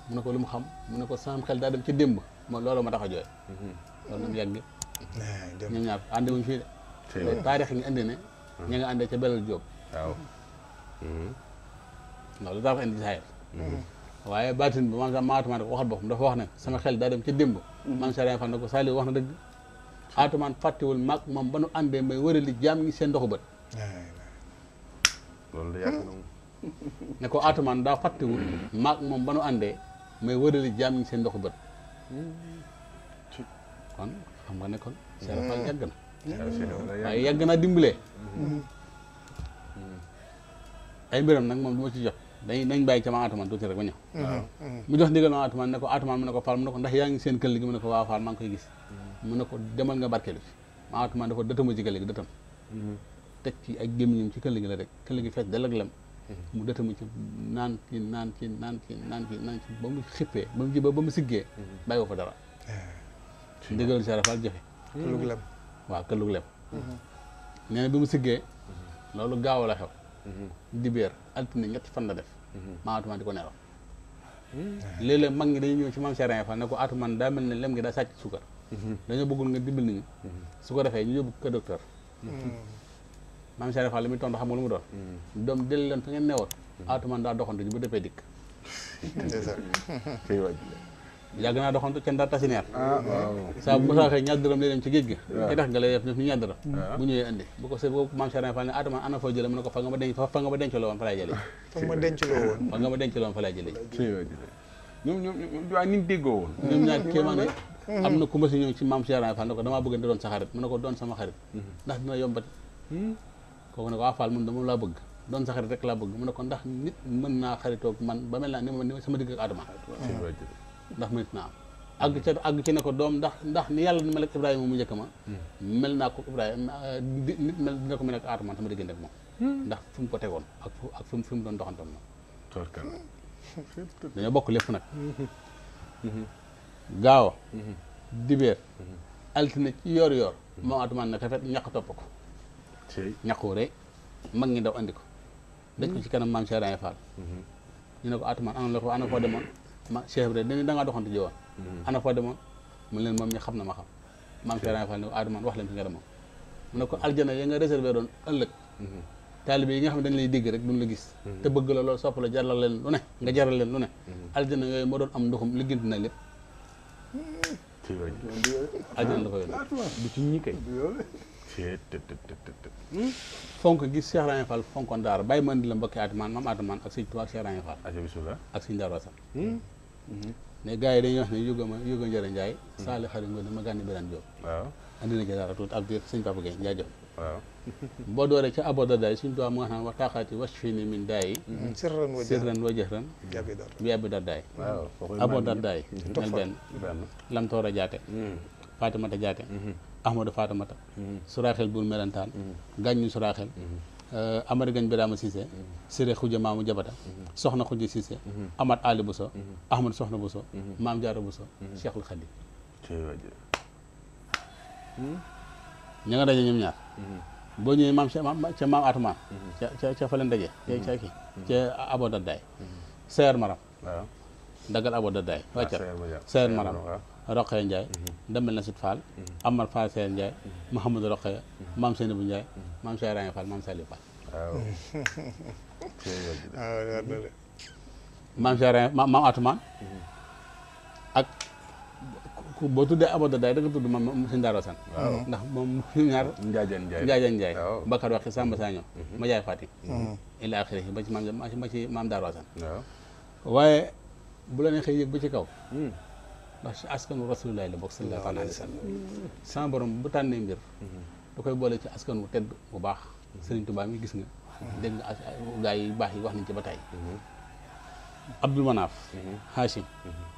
mu ne ko lu mu xam mu ne ko sam xel daa dem ci démb ma loolu ma tax a jooy loolu moom yàgg ñoom ñaar ànd wuñ hmm. àndee ca Belal Diop waaw hmm. loolu daa ko indi saayir hmm. waaye baatin bi maam sa maatumaa dafa wax ne sama xel daa dem ca démb maam Saliou Fall ko Saliou wax na dëgg Atoumane fàttewul mag moom ba nu àndee may wërali jaam ngi seen ndoxu bët. loolu yàgg na ne ko Atoumane daa fàttewul mag may wërali jaam ngi seen ndoxu bët. kon xam nga ne kon. Cheikh Fall yàgg na. waaye yàgg naa dimbalee. ay mbiram nag moom du ma ci jot. dañ dañ bàyyi ca ma Atoumane tuuti rek ba ñëw. mu jox ndigal ma Atoumane ne ko Atoumane mu ne ko Fall mu ne ko ndax yaa ngi seen gi mu koy gis. mun na ko demal nga barkeelu fi maanaam man dafa dëtama ci këll gi dëtam mhm. teg ci ak gémmiñam ci këll gi la rek këll gi fees dell ak lem mhm. mu dëtama ci naan ci naan ci naan ci naan ci naan ci ba mu xippee ba mu ji ba mu siggee mhm. bàyyi ko fa dara ah. ndigalu Cheikh Rafal jëfe këllug lem waaw këllug lem nee na bi mu siggee loolu gaaw la xew dibéer altine ñetti fan la def maanaam di ko nelaw hmm. léeg-léeg mag ñi dañuy ñëw ci maam Cheikh Rafal ne ko atu man daa mel ne lem gi daa sàcc suukar dañoo bëggoon nga dimbali ñu. su ko defee ñu yóbbu ko docteur. maam Cheikh Fall li muy tontu xam nga lu mu doon. doom dellu leen fa ngeen newoon. atumaan daa doxantu ji ba dëppee dikk. yàgg naa doxantu kenn daa tasineer. waaw saa bu saa xëy ñaar dërëm lay dem ci géej gi. waaw te tax nga lay def ñu ñaar dërëm. bu ñëwee indi bu ko sëñ bu maam Cheikh Fall ne atumaan ana foo jëlee mu ne ko fa nga ma denc fa nga ma denculoo woon fa lay jëlee. fa nga ma denculoo woon fa nga ma denculoo woon fa lay jëlee. ñoom ñoom waaye ni ñu déggoo woon. ñoom ñaar kéemaan am na ku ma si ñëw ci maam Cheikh Ibra Fall ne ko damaa bëgg di doon sa xarit mu ne ko doon sama xarit ndax dina yombati hmm. kooku ne ko waa ah Fall mun da moom laa bëgg doon sa xarit rek laa bëgg mu ne ko ndax nit mën naa xaritoog man ba mel naa ni ma ni sama digg ak Adama ndax mënit naa am ca àgg ci ne ko doom ndax ndax ni yàlla mel ak Ibrahima mu njëkk ma mel naa ko Ibrahima nit mel dina ko mel ak Adama sama diggante ak moom hmm. ndax fi mu ko tegoon ak ak fi mu doon doxantam moom dañoo bokk lépp nag hmm. gaaw mhm. dibeer mhm. altine ci yoor yoor mhm. moom atumaan na tafet ñaq topp ko ñaqu rëy mag ñi daw andi ko daj ko ci kanam maam Cheikh Ibra Fall ñu ne ko atumaan ana la ko ana foo demoon ma Cheikh Ibra dañu da ngaa doxante ji ana foo demoon mu leen moom mi xam na ma xam maam Cheikh Ibra Fall ne ko atumaan wax leen fi nga demoon mu ne ko aljana ya nga réservé doon ëllëg taalibe yi nga xam ne dañ lay dégg rek duñ la gis te bëgg la lool sopp la jaral leen lu ne nga jaral leen lu ne aljana yooyu moo doon am ndoxum liggéeyante na lépp ajal la ko yónnee du ci ñi kay fonk gi Cheikh Raheem Fall fonkoon bàyyi ma indi la mbokki Atoumane maam Atoumane ak si Tuubaa Cheikh Raheem Fall ak sëñ Daaru Asan ne gars yi dañuy wax ne yuga ma yuga njëriñ Njaay saali xarit ngoon ma gànni Birane Diop waaw andi na ci daara tuuti ak sëñ Papa Gueye jaajëf boo dooree ci aboda daay suñu doom mu nga xam ne mm-hmm. wa taaxaati wasfini min daayi sirran wa jahran bi abi dardaay abo dardaay mm-hmm. mel benn lamtoor a jaate mm-hmm. fatimata jaate ahmadou fatimata suraaxel bul melentaan gàññu suraaxel euh, amari gañ biraama Cissé siré xuja maamu jabata soxna xuja Cissé amat ali Bousso ahmad soxna Bousso maam jaara Bousso cheikhul xadim ña nga daje ñoom ñaar mhm. boo ñëwee maam ca maam atumaan mhm. ca ca ca fa leen daje mhm. ca daddaay seer maram dagal abo daddaay ah, wàccal seer maram roqee njaay demel na sit fall amar fall seer njaay mahamadou roqee maam seeni bu njaay maam seer rang ah, maam saliou maam atumaan boo tuddee Abada Day da nga tudd moom sëñ Daaru Asan ndax moom ñaar Njaajaan Njaay Njaajaan Njaay Bakar waxi Samba Saño mhm. ma jaay Faati mhm. ila axiri ba ci maam ba ci maam Daaru Asan waaye bu la neexee yëg ba ci kaw hmm. ndax ci askanu rasulilahi la bokk sallallahu alayhi bu tànnee mbir mhm. da koy boole ci askan wu tedd bu baax Sëriñ Tuubaa mi gis nga dégg nga gaa yi baax yi wax nañ ci ba tey Abdul Manaaf Hashim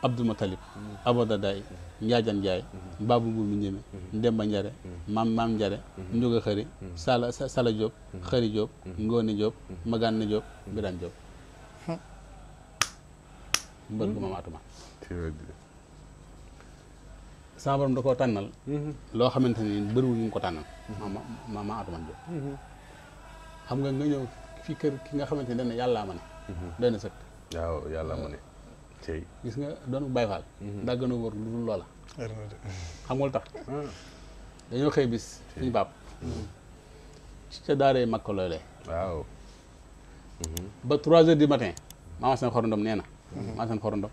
Abdul Matalib Abodadaay Njaajan Njaay Mbaabu Mbuur mi Njëme Ndemba Njare Maam Maam Njare Njuga Xëri Sala Sala Diop Xëri Diop Ngoone Diop Maganne Diop Biraan Diop mbër gu da koo tànnal loo ni ngi ko tànnal ma ma atuman Diop xam nga nga ñëw fi kër ki nga xamante dana yàllaa ma ne doy na waaw yàlla mu ne. tey gis nga doon Baay Faal. Mhm. daa gën a wóor lu dul loola. xam nga lu tax. Ah. dañoo xëy bis suñu baab. Mhm. ci ca daaree makka loolee. waaw. Mhm. ba trois heures du matin. maa seen xorondom nee na. maa seen xorondom.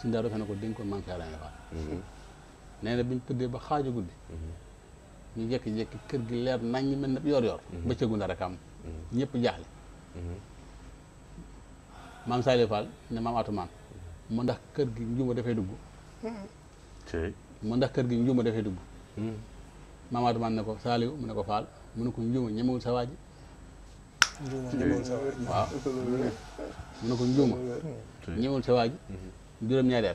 suñu daaree dafa ne ko dénkoon maa ngi koy Baay Faal. nee na tëddee ba xaaju guddi. ñu jékki-jékki kër gi leer nañ ñu mel ne yor-yor. bëccëgu ndara kam. ñëpp jaaxle. maam Saliou Fall ne maam Atumaan mu ndax kër gi njuuma dafay dugg mu ndax kër gi njuuma dafay dugg maam Atumaan ne ko Saliou mu ne ko Fall mu ne ko njuuma ñemewul sa waaji waaw ko njuuma ñemewul sa waaji juróom-ñaari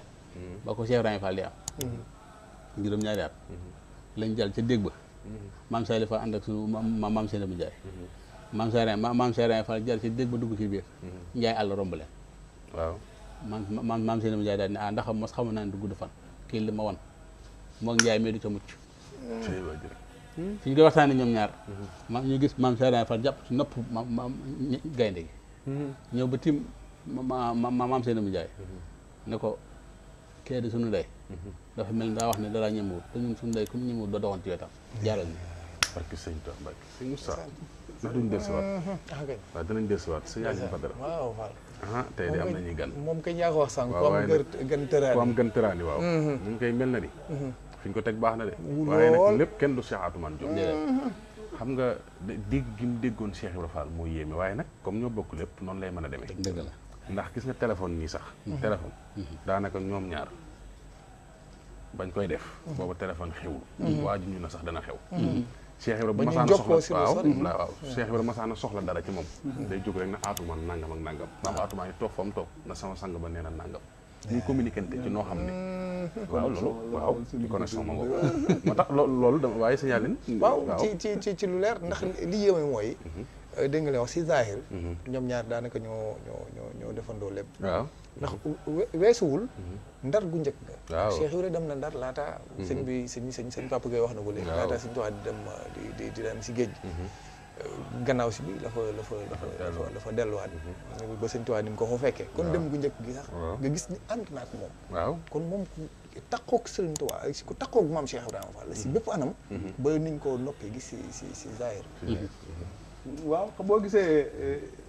ba ko Cheikh Ibrahima Fall di am juróom-ñaari mhm. lañ jàll ca dégg ba maam Saliou Fall ànd ak sunu maam Seynabu Njaay maam Serigne maam Serigne Fall jël ci dégg ba dugg ci biir. Mhm. Ndiaye àll romb leen. waaw maam maam maam Serigne daal ne ah ndax mos xamu naa dugg du gudd fan kii li ma wan moog Ndiaye mii du ca mucc. suñ hmm? koy waxtaanee ñoom ñaar. Mhm. maam ñu gis maam Serigne Fall jàpp nopp hmm. ma ma gaynde gi. ma ma maam Serigne mhm. Ndiaye. ko kee di sunu ndey. dafa mel ni daa wax ne dara ñemewul te ñun sunu ndey comme ñemewul jaaral ñu. duñ dellusiwaat. Mm-hmm. Ah, waaw danañ dellusiwaat su yàlla fa dara. waaw waaw tey de am nañu gan. moom kay yaa wax sànq. waaw waaye nag ku am gën mm-hmm. mel na ni. Mm-hmm. fi ñu ko teg baax na de. waaye nag lépp kenn du Cheikh Atoumane Diop. xam nga dégg gi mu déggoon Cheikh Ibrahima yéeme waaye nag comme ñoo bokk lépp noonu lay mën a demee. dëgg la ndax gis nga téléphone nii sax. téléphone. daanaka ñoom ñaar. bañ koy def. booba téléphone xewul. waa ñu na sax dana xew. Cheikh Ibrahima bu masaana soxla waaw waaw Cheikh Ibrahima soxla dara ci moom day jóg rek na aatuma nangam ak nangam ah. naa aatuma ngi toog fa toog na sama sang ba nee na nangam ñuy eh. communiquante ci noo xam ne waaw loolu waaw di connexion ma boobu moo tax loolu dama waaye signalin waaw ci ci ci lu leer ndax li yéeme mooy mhm. eh, dégg nga la wax si zahir mhm. ñoom ñaar daanaka ñoo ñoo ñoo ñoo defandoo lépp waaw ndax weesuwul. Mhm. ndar gu njëkk nga. waaw Cheikh Ibrahima dem na ndar laata. Mhm. sëñ bi sëñ sëñ sëñ papa Gueye wax na ko léegi. waaw laata sëñ Tuubaa di dem di di si géej mhm. euh, gannaaw si bi la la fa la fa la delluwaat. ba sëñ Tuubaa ni mu ko fa fekkee. kon dem gu njëkk gi sax. nga gis ni ànd naat moom. waaw kon moom ku takkoog sëriñ Tuubaa ku takkoog maam Cheikh Ibrahima Fall la si bépp anam. ba niñ ko noppee gis si si si zaahir. waaw boo gisee. Euh,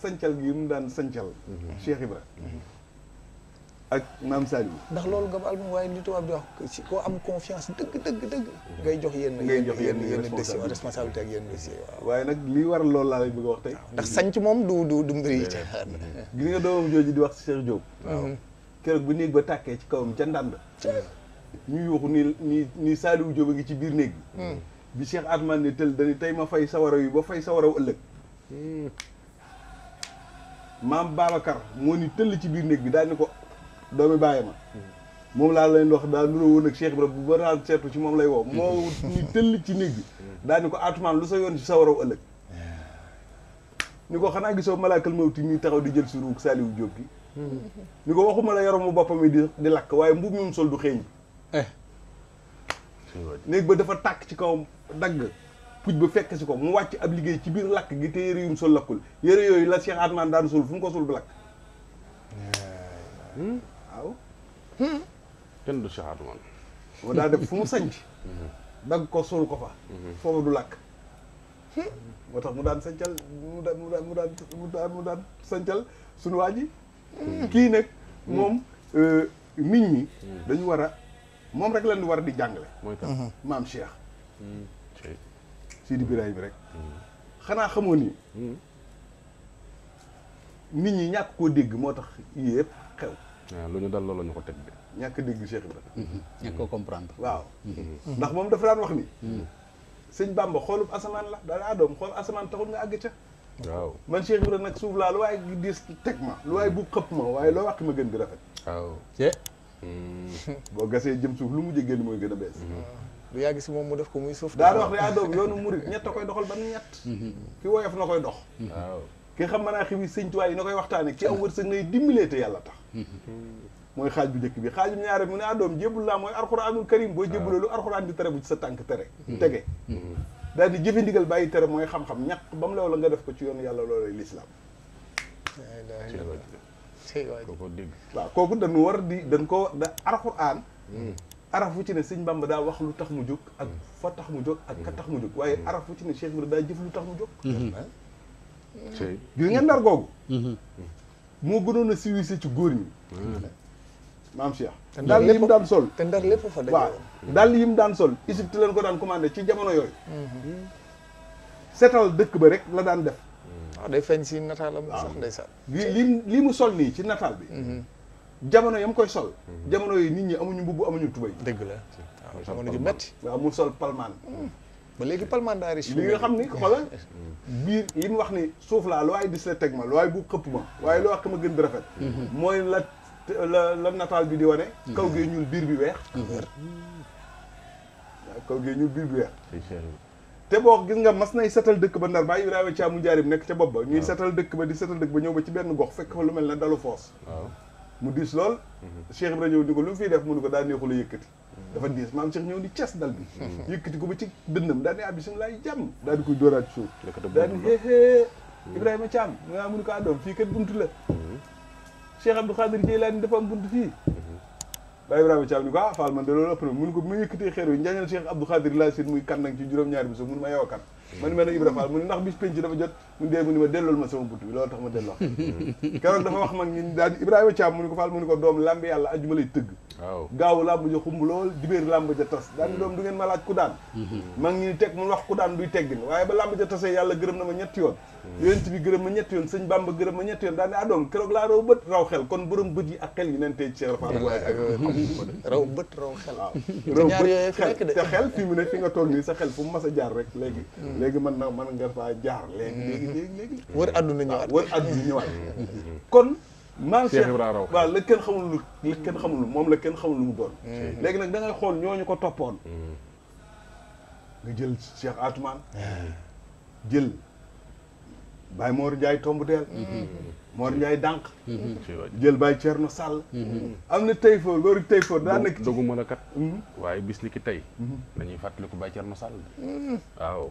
sëncal gi mu daan sëncal mhm. Cheikh Ibra mhm. ak mam Saliou ndax loolu nga album ma li tuwab di wax ko am confiance deug deug deug mhm. ngay jox yenn ngay jox yenn yenn décision responsabilité ak yenn dossier waye nak li war loolu la lay bëgg wax tay ndax sanc mom du du du mbir ci caaxaan eh, eh. nga doom joji di wax ci Cheikh Diop kër bu neeg ba takké ci kawam ci ndànd ñuy wax ni ni ni Saliou Diop a ngi ci biir neeg bi Cheikh Atman ne tël dañ tay ma fay sawara yu ba fay sawaraw ëlëk hmm. maam Babacar moo ni tëll ci biir néeg bi daal ni ko doomi bàyyi ma moom laa leen wax daal nuroo woon ak Cheikh Ibrahima bu ba daan seetu ci moom lay woo moo ni tëll ci néeg bi daal ni ko atumaan lu sa yoon ci sa ëllëg ni ko xanaa gisoo malaakal mawti ñuy taxaw di jël si ruug Saliou jóg gi ni ko waxuma la yoromu boppam yi di di lakk waaye mbubb mi mu sol du xeeñ eh. néeg ba dafa tàkk ci kawam dagg puj ba fekk si ko mu wàcc ab liggéey ci biir lakk gi te yëre yum sol lakkul yére yooyu la Cheikh Atman daan sul fu mu ko hmm? Hmm? Hmm? du Cheikh Atman moo fu mu sanc dagg ko sul ko fa foofu du lakk moo tax mu daan sancal mu daan mu daan mu daan mu daan suñu waa kii nag moom euh, nit ñi dañu war a moom rek lañu war a di jàngale maam Cheikh Sidi Biraye bi rek xanaa xamoo ni nit ñi ñàkk koo dégg moo tax yëpp xew ah, lu ñu dal loolu ñu ko teg de ñàkk dégg Cheikh Ibrahima mm-hmm. ñàkk koo comprendre waaw mm-hmm. ndax moom dafa daan wax ni mm-hmm. sëñ Bamba xoolub asamaan la daa doom xool asamaan taxul nga àgg ca waaw man Cheikh Ibrahima nag suuf laa lu waaye diis teg ma lu waaye bu xëpp ma waaye loo wax ma gën di rafet waaw mm. boo gasee jëm suuf lu mujjee génn mooy gën a bees du yàgg si moom mu def ko muy suuf. daa dox daa doog yoonu murit ñett koy doxal ba ñett. ki woyof na koy dox. waaw ki xam ma naa xib yi sëñ yi na koy waxtaanee ci aw sa ngay dimbalee te yàlla tax. mooy xaaj bu njëkk bi xaaj bu ñaare mu ne ah, doom jébbul laa mooy arxuraanul karim boo jébbulee lu arxuraan di tere bu ci sa tànk tere mm-hmm. tege mm-hmm. daal di jëfe ndigal bàyyi tere mooy xam-xam ñàkk ba mu la nga def ko ci yoonu yàlla loolay lislaam waaw kooku dañu war di dañ ko da arxuraan mm. araf wu ci ne sëñ ba daa wax lu tax mu jóg ak fa tax mu jóg ak ka mu jóg waaye mm-hmm. araf wu ci ne Cheikh Ibra daa jëf lu tax mu jóg mm-hmm. Mm-hmm. gis nga ndar googu moo gënoon a siwisé ci góor ñi maam Cheikh daal yi mu daan sol te ndar lépp fa daal yi mu daan sol Égypte leen ko daan commandé ci jamono yooyu setal dëkk ba rek la daan def waaw ah, day feeñ si nataalam sax ndeysaan lii lii mu sol nii ci nataal bi jamono yam koy sol. Mhm. jamono yi nit ñi amuñu mbubb amuñu tubay. deug la waaw ah, jamono ju métti. mu sol palman mm. ba léegi palman da riche. li nga xamni ni xoolal mm. biir li mu wax ni suuf la loy waay dis la teg ma loy bu xep ma mm. waaye lo wax ma gën di rafet. moy mm-hmm. la la natal bi di wane. Mm-hmm. kaw ge ñuul biir bi wex kaw ge ñuul biir bi wex té bo gis nga mas nay setal dëkk ba ndar bàyyi Ibrahima Thiam mu jaarim nek ca bopp ba. ñuy setal dëkk ba di setal dëkk ba ñëw ba ci benn gox fekk fa lu mel na dalu foos mu dis lol mhm. Cheikh ibrahim ñëw diko lu fi def mu ne ko daa neexu la yëkkati mhm. dafa dis maam Cheikh ñëw di ces dal bi mhm. yëkkati ko ba ci dënnam daa ne ah bisimilah jam daal di koy dóoraat suuf daa he he ibrahim cham mu ngaa mu ne ko adom fi kët buntu la Cheikh Abdou Khadir Jeylaani dafa am buntu fi ba ibrahim cham ni ko faal ah, Fall man de loolu ëpp na mun ko mu ma yëkkatee xeer yi Cheikh Abdou Khadir laa seen muy kan nak ci juroom ñaar bi mu mun ma yow kan man mel na Ibra Fall mu ne ndax bis penc dafa jot mu dee mu ni ma dellool ma sama bunt bi loolu tax ma delloo keroog dafa wax man ñi daal Ibrahima Thiam mu ni ko Fall mu ni ko doom lambi yàlla ajuma lay tëgg waaw gaawu làmb ja xumb lool dibéer làmb a tas daan mm-hmm. doom du ngeen ma laaj ku daan maa ngi ñuy teg mun wax ku daan duy teggin waaye ba làmb a tasee yàlla gërëm na ma ñetti yoon mm-hmm. yonent bi gërëm ma ñetti yoon sëñ Bamba gërëm ma ñetti yoon daan ne ah doom keroog laa raw bët raw xel kon borom bët yi ak xel yi neen tey ci rafa waaye ak raw bët raw xel waaw raw xel fii mu ne nga toog nii sa xel mu mas a jaar rek léegi mm-hmm. léegi mën na mën nga faa jaar léegi léegi léegi léegi wër àdduna ñëwaat wër àdduna ñëwaat kon maam Cheikh Ibrahima Raw waaw la kenn xamul lu la kenn xamul lu moom la kenn xamul mu doon mm-hmm. léegi nag dangay ngay xool ñooñu ko toppoon mm-hmm. nga jël Cheikh Atumaan mm-hmm. jël Baye Mor Ndiaye tomb deel Mor Ndiaye dànq jël Baye Thierno Sall am na tey foo góor tey foo daa nekk doguma waaye bis ni ki tey dañuy fàttaliku Baye Thierno Sall waaw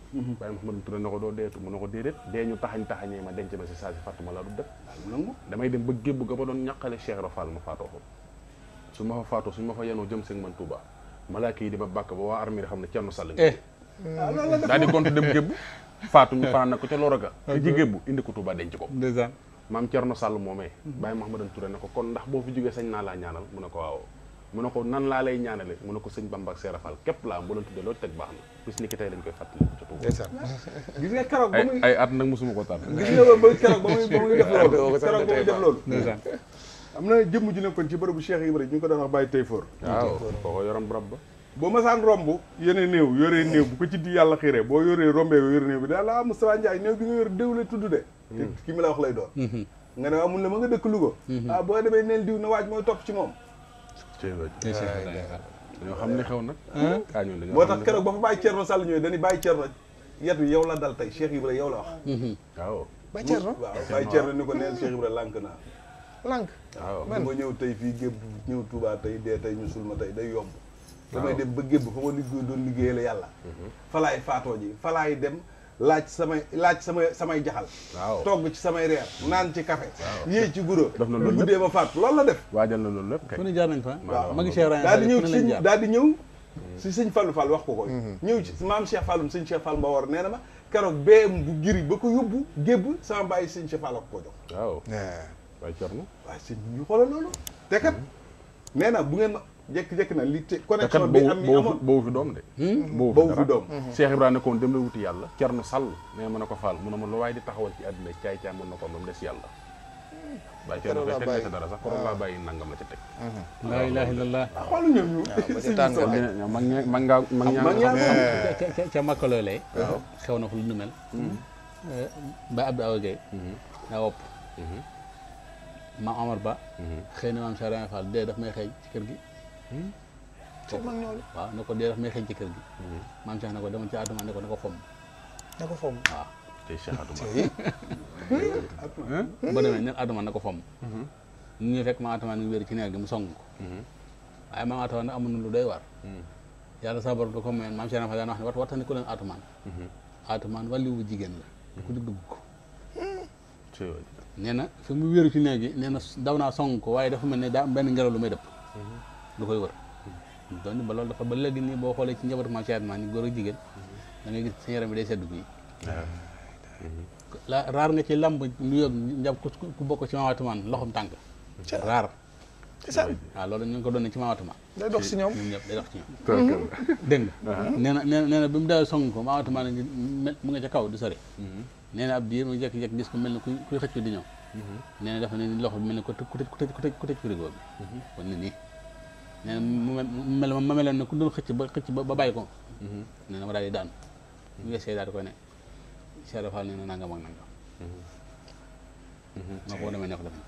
Mhm. Baye Mouhamadou Touré na ko doo deetu mu na ko déedéet dee ñu taxañ taxañee ma denc ma si saa si fàttuma laa du def nangu damay dem ba gébb ba doon ñàqale Cheikh Rafal ma faatoo fa su ma fa faatoo suñu ma fa yenoo jëm sëñ ma bàkk ba waa armée xam ne Thierno Sall eh. ah, daal di gont dem gébb faatu ñu fanaan na ko ca Loroga di ji gébb indi ko Touba denc ko maam Thierno Sall moomee mhm. Baye Mouhamadou Touré na ko kon ndax boo fi jógee sañ naa laa ñaanal mu ne ko waaw mu ne ko nan la lay ñaanale mu ne ko sëñ bamba ak seerafal képp laa mbooloo tudde lo tek baax na bis ni ki tay lañ koy fatali ci tu gis nga karok bamuy ay at nak musuma ko tànn gis nga ba karok bamuy bamuy def loolu keroog ba muy def loolu am na jëmm ji ci bërëbu cheikh ibrahim ñu ko doon wax bàyyi tey for waaw ko yoram rab ba bo ma masaan rombu yene neew yore neew bu ko ci di yàlla xiiree boo yoree rombee yore neew bi daa la ah, Moustapha ndjay neew bi nga yor déw la tudd de hmm. ki mi la wax lay doon hmm. nga ne amul ah, mun ma nga dekk lugo hmm. ah bo demé neel diw na waj moy top ci mom ñoo xam ne xew nag kaa moo tax keroog ba fa bàyyi Thierno Sall ñooy dañuy bàyyi Thierno yet wi yow la dal tey Cheikh Ibra yow la wax mm-hmm. waaw bàyyi Thierno waaw bàyyi Thierno ni ko neen seex Ibra lànk naa lànk waaw man ma ñëw tey fii gébb ñëw Touba tey dee tey ñu sul ma tey day yomb damay dem ba gébb fa ma liggéey doon liggéeyal yàlla mm-hmm. falaay faatoo ji falaay dem laaj samay laaj samay samay jaxal togg ci samay reer naan ci café yéey ci guro bu guddee ma faat loolu la def waajal na loolu lépp fu ne jaar nañ fa waaw magi Cheikh Rayane daal si daal di ñëw si sëñ Fallou Fall wax ko ko mhm. ñëw ci maam Cheikh Fallum sëñ Cheikh Fall Mbawar nee na ma keroog beem bu giri ba ko yóbbu gébb sama bàyyi sëñ Cheikh Fall ak ko jox waaw eh. waay Thierno waaw loolu te kat mhm. nee bu ngeen jékki-jékki na li connexion bi am ñu amoon boobu fi doom de hmm? boobu fi doom hmm. Cheikh Ibrahima nekkoon dem la wuti yàlla Cerno Sall nee mën a ko faal mun a ma lu waaye di taxawal ci àdduna caay caay mën na ko moom des yàlla hmm. bàyyi Cerno fay teg sa dara sax korom laa bàyyi nangam ma ca teg ma ilaaha ma ah, xool ñoom ñu ah, mag ah, ca Makka loolee xew na fu lu nu mel eh, ba Abdou Awa Gueye daa wopp ma Omar Ba xëy na maam Cheikh Ibrahima Fall dee daf may xëy ci kër gi ci hmm? mag na ko dee daf may hmm. na ko dama ci ne ko na ko fomm na ko fomm hmm? ko fomm ñu ñuy fekk maam Aduma ngi wér ci neer gi mu song ko waaye maam Aduma nag amoon na lu doy war yàlla sa ne wat waxtaanee ku jigéen la du ko ko nee fi mu wéru ci neer gi nee na daw naa song ko waaye dafa mel ne benn ngelaw lu may dëpp lu koy wër doon ba loolu dafa ba léegi nii boo xoolee ci njaboot maam Cheikh Ibrahima ni góor jigéen da ngay gis seen yaram bi day seddu bi la raar nga ci lamb nuyoog njab ku bokk ci maamatumaan loxom tànk raar waaw loolu ñu ngi ko doon ci maamatumaan day dox si ci ñoom mhm. dégg nga uh-huh. nee na nee na bi mu daal song ko maamatumaan mu nga ca kaw di sori mhm. nee na ab diir mu jekk-jekk gis ko mel ni kuy kuy xëcc di ñëw mhm. nee na dafa loxo bi mel ni ko ku tëj ku tëj ku tëj ku tëj frigo bi kon ne nii nee na mu mel ma meloon ne ku doon xëcc ba xëcc ba bàyyi ko. Mhm. nee na ma daal di daan. bu ñu yesee daal di ko ne Cheikh Fall nee na nangam ak nangam. Mhm. ma ko demee ne ko demee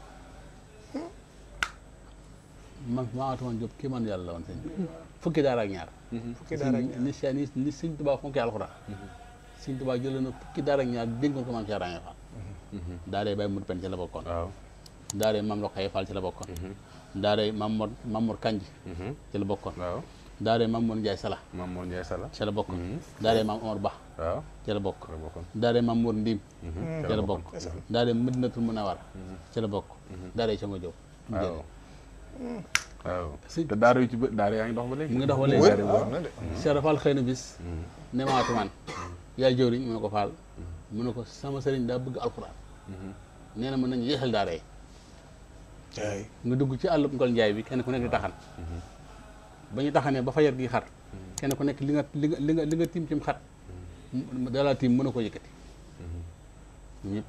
man maa ngi atoon Diop kii man yàlla la woon sëñ bi fukki daara ak ñaar. Mhm. fukki daara ak ñaar ni sëñ ni sëñ Tuubaa fonk alxuraan. sëñ Tuubaa jëlee na fukki daara ak ñaar dégg nga ko maam Cheikh Ibra Fall. daaree Baye Modou Pène ci la bokkoon. waaw daaree maam Loxaye Fall ci la bokkoon. dari mamur mamur Kanji. Mhm. ci la mamur waaw daara Mamor Ndiaye Sala. Mamor Ndiaye Sala. ci la bokkoon. Mhm. daara Mam Ba. waaw ci la Ndim. ci la Madinatul Munawar. Mhm. ci la bokk. daara Sama Diop. waaw waaw te boleh yu boleh, bë dox ba Rafal bis. ne ma ya yaay jëwriñ mu ne ko faal. mu sama sering daa bëgg alxuraan. nee na mën nañu nga dugg ci àll ngol njaay bi kenn ku nekk di taxan mm-hmm. ba ñu taxanee ba fajar gi xar mm-hmm. kenn ku nekk li nga li nga li nga li nga tiim cim xat mm-hmm. dalaa tiim mën a ko yëkkati ñëpp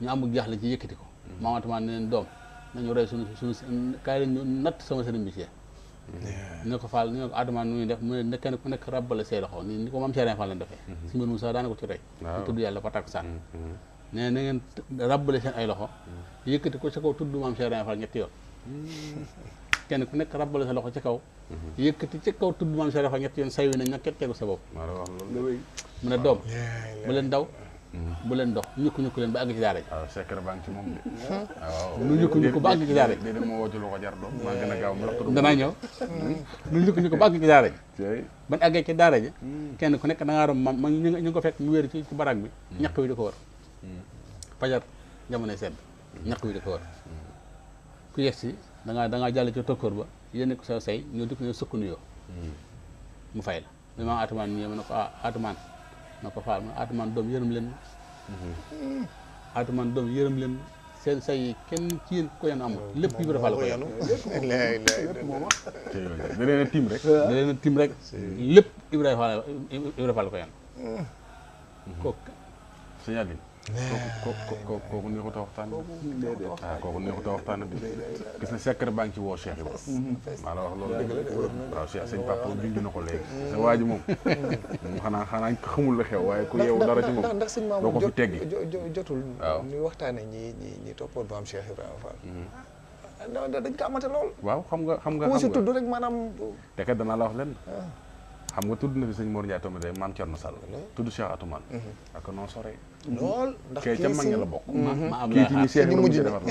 ñu amul jaaxle ci yëkkati ko maamatamaa ne leen doom nañu rey suñu suñu kaay la ñu natt sama sëriñ bi ci ne ko faal mu ne kenn ku nekk ràbbale say loxo ni ni ko maam Serigne Fall lañ defee si mbir mu sax daana ci rey ñu tudd yàlla ba takkusaan nee na ngeen ràbbale seen ay loxo yëkkati ko sa kaw tudd maam Cheikh Ibrahima fa ñetti yoon hmm. kenn ku nekk ràbbale sa loxo ci kaw hmm. yëkkati ci kaw tudd maam Cheikh Ibrahima Fall ñetti yoon say wi nañ nag kenn tegu sa bopp mu ne doom bu leen daw hmm. bu leen dox ñukku ñukku leen ba àgg ci daara ji ah, ah, waaw secret baa ba àgg ci moo woote lu ko jar doom maa gën a gaaw mu waxtu danaa ñëw nu ñukku ñukku ba àgg ci daara ji ji kenn ku nekk da ngaa rom maam ma ñu ngi ko fekk mu wéeru ci ci barak bi ñaq wi di ko war fajar jamonoy sedd ñaq wi dafa war ku yes si da ngaa jàll ci tokkoor ba yénn ko sa say ñoo dikk ñoo sëkk nuyoo mu fay la bi maam atumaan ñëw ne ko ah atumaan na ko mu atumaan doom yërëm leen atumaan doom yërëm kenn ci yéen ko yéen lépp yi bi dafa la ko yéen da leen a tim rek da leen a tim rek lépp Ibrahima Fall kooku kooku kooku neexut a waxtaan. waaw ah, kooku neexut a waxtaan bi gis na secret baa ngi ci woo Cheikh Ibrahima. Mm-hmm. maa la wax loolu dëgg la waaw Cheikh sëñ Papa mm-hmm. junj na ko léegi. Mm-hmm. sa waa ji moom. moom xanaa xanaa xamul la xew waaye ku yeewu dara ci moom doo ko fi teggi. jotul ñu waxtaane ñi ñi ñi toppoon maam Cheikh Ibrahima Fall. Ah, dañ ko amate lool. waaw xam nga xam nga xam nga ku maanaam. te kat danaa la wax lenn. Ah. xam nga tudd na fi sëñ Mor Ndiaye Tomé day maam Thierno Sall. Mm-hmm. tudd Cheikh Atoumane. Mm-hmm. ak non sore. lool ndax kee ca mag ña la bokk. ma am lay xaar ñu mujj defar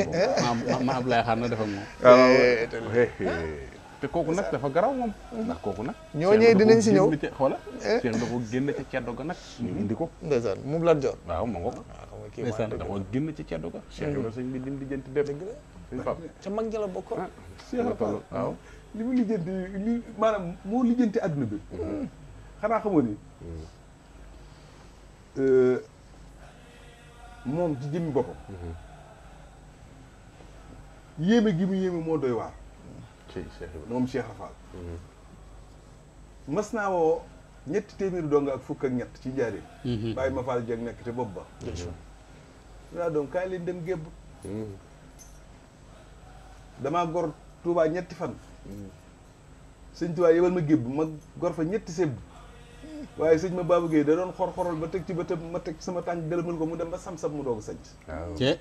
ma ma am na defar ah, te kooku nag dafa garaw mm-hmm. kooku nag. ñooñee dinañ si ñëw xoola. Eh? Cheikh ah, dafa génn ca ceddo ga nag. ñu indi ko. ndeysaan la jor waaw ma ngoog. ndeysaan dafa génn ca ceddo ga. Cheikh Ibrahima sëñ bi dim di jënti bépp. dëgg la sëñ Pape ca mag ña la bokk. Ah, Cheikh la waaw. li mu lijjanti li maanaam moo lijjanti adduna bi xanaa xamoo ni euh, moom ci jëmmi boppam yéeme gi mu yéeme moo doy waar moom Cheikh Rafal mm-hmm. mas naa woo ñetti téeméeri donga ak fukk ak ñett ci jaaree mm-hmm. bàyyi ma faal jeg nekk te bopp ba dinaa doom kaay leen dem gébb mm-hmm. damaa gor Tuubaa ñetti fan sëñ Tuubaa yebal ma gébb ma gor fa ñetti sebb waaye sëñ ma Babou Guèye da doon xor-xorol ba teg ci ba bëtam ma teg sama tànk gërëmal ko mu dem ba sam-sam mu doog a sanc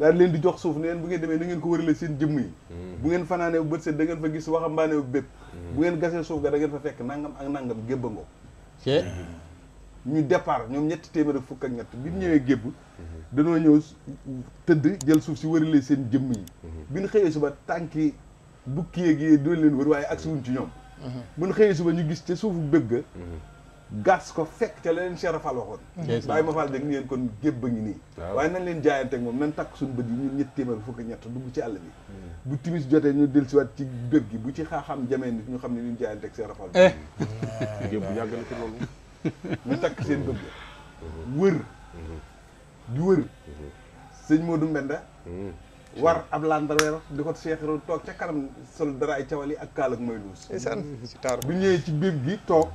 daal leen di jox suuf ne bu ngeen demee na ngeen ko wërale seen jëmm mm. bu ngeen fanaanee bu bët set fa gis waxambaane bu bépp mm. bu ngeen gasee suuf ga da fa fekk nangam ak nangam gébb ngoo mm-hmm. ñu départ ñoom ñetti téeméer ak fukk ak ñett bi ñu mm. ñëwee gébb mm-hmm. dañoo ñëw tëdd jël suuf si wërale seen jëmm yi mm-hmm. bi ñu xëyee suba tànki bukki yeeg yee doon leen wër waaye agsi wuñ ci ñoom buñ xëyee suba ñu gis ca suuf bëgg gas ko fekk ca la leen a Rafal waxoon bàyyi ma faal da ngeen kon gébb a ngi nii waaye nañ leen jaayante ak moom nañ takk suñu bët yi ñun ñett téeméer fukk ñett dugg ci hmm. timis jotee ñu dellu siwaat ci bëgg gi bu ci xaaxam jamee nit ñu xam ne ñu jaayante ak Cheikh Rafal eh. gébb yàgg na ci loolu ñu takk seen bëgg hmm. wër hmm. di moo du Modou Mbenda war ab landarweer di ko seexaroon toog ca kanam sol dara ay cawal yi ak kaal ak mooy luus bu ñëwee ci biir gi toog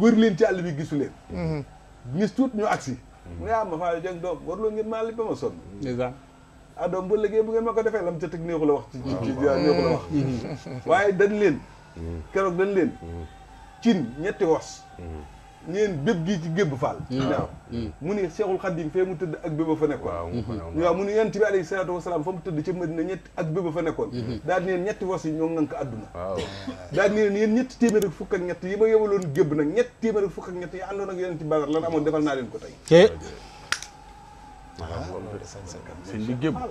wër leen ci àll bi gisu leen mhm. gis tuut ñu agsi mu ne am ma faa jëng doom warloo ngeen ma li ba ma sonn ah doom bu liggéey bu ngeen ma ko defee la ca teg néexu la wax ci ci néexu wax mhm. waaye dañ leen mhm. keroog dañ leen cin ñetti wos ñeen béb gii ci gébb faal hmm. waaw hmm. mu ni Seexul Xadiim fee mu tëdd ak béba fa nekkoon waaw mu ni yonent bi alayhi salaatu wasalaam fa mu tëdd ca Madina ñetti ak béba fa nekkoon hmm. daal neen ñetti was yi ñoo ngànk àdduna daal neen yéen ñetti téeméer ak fukk ak ñett yi ma yebaloon gébb nag ñetti téeméer ak fukk ak ñett yi àndoon ak yonent bi Badar lan amoon defal naa leen ko tey ah, ah. sëñ bi gébb ah,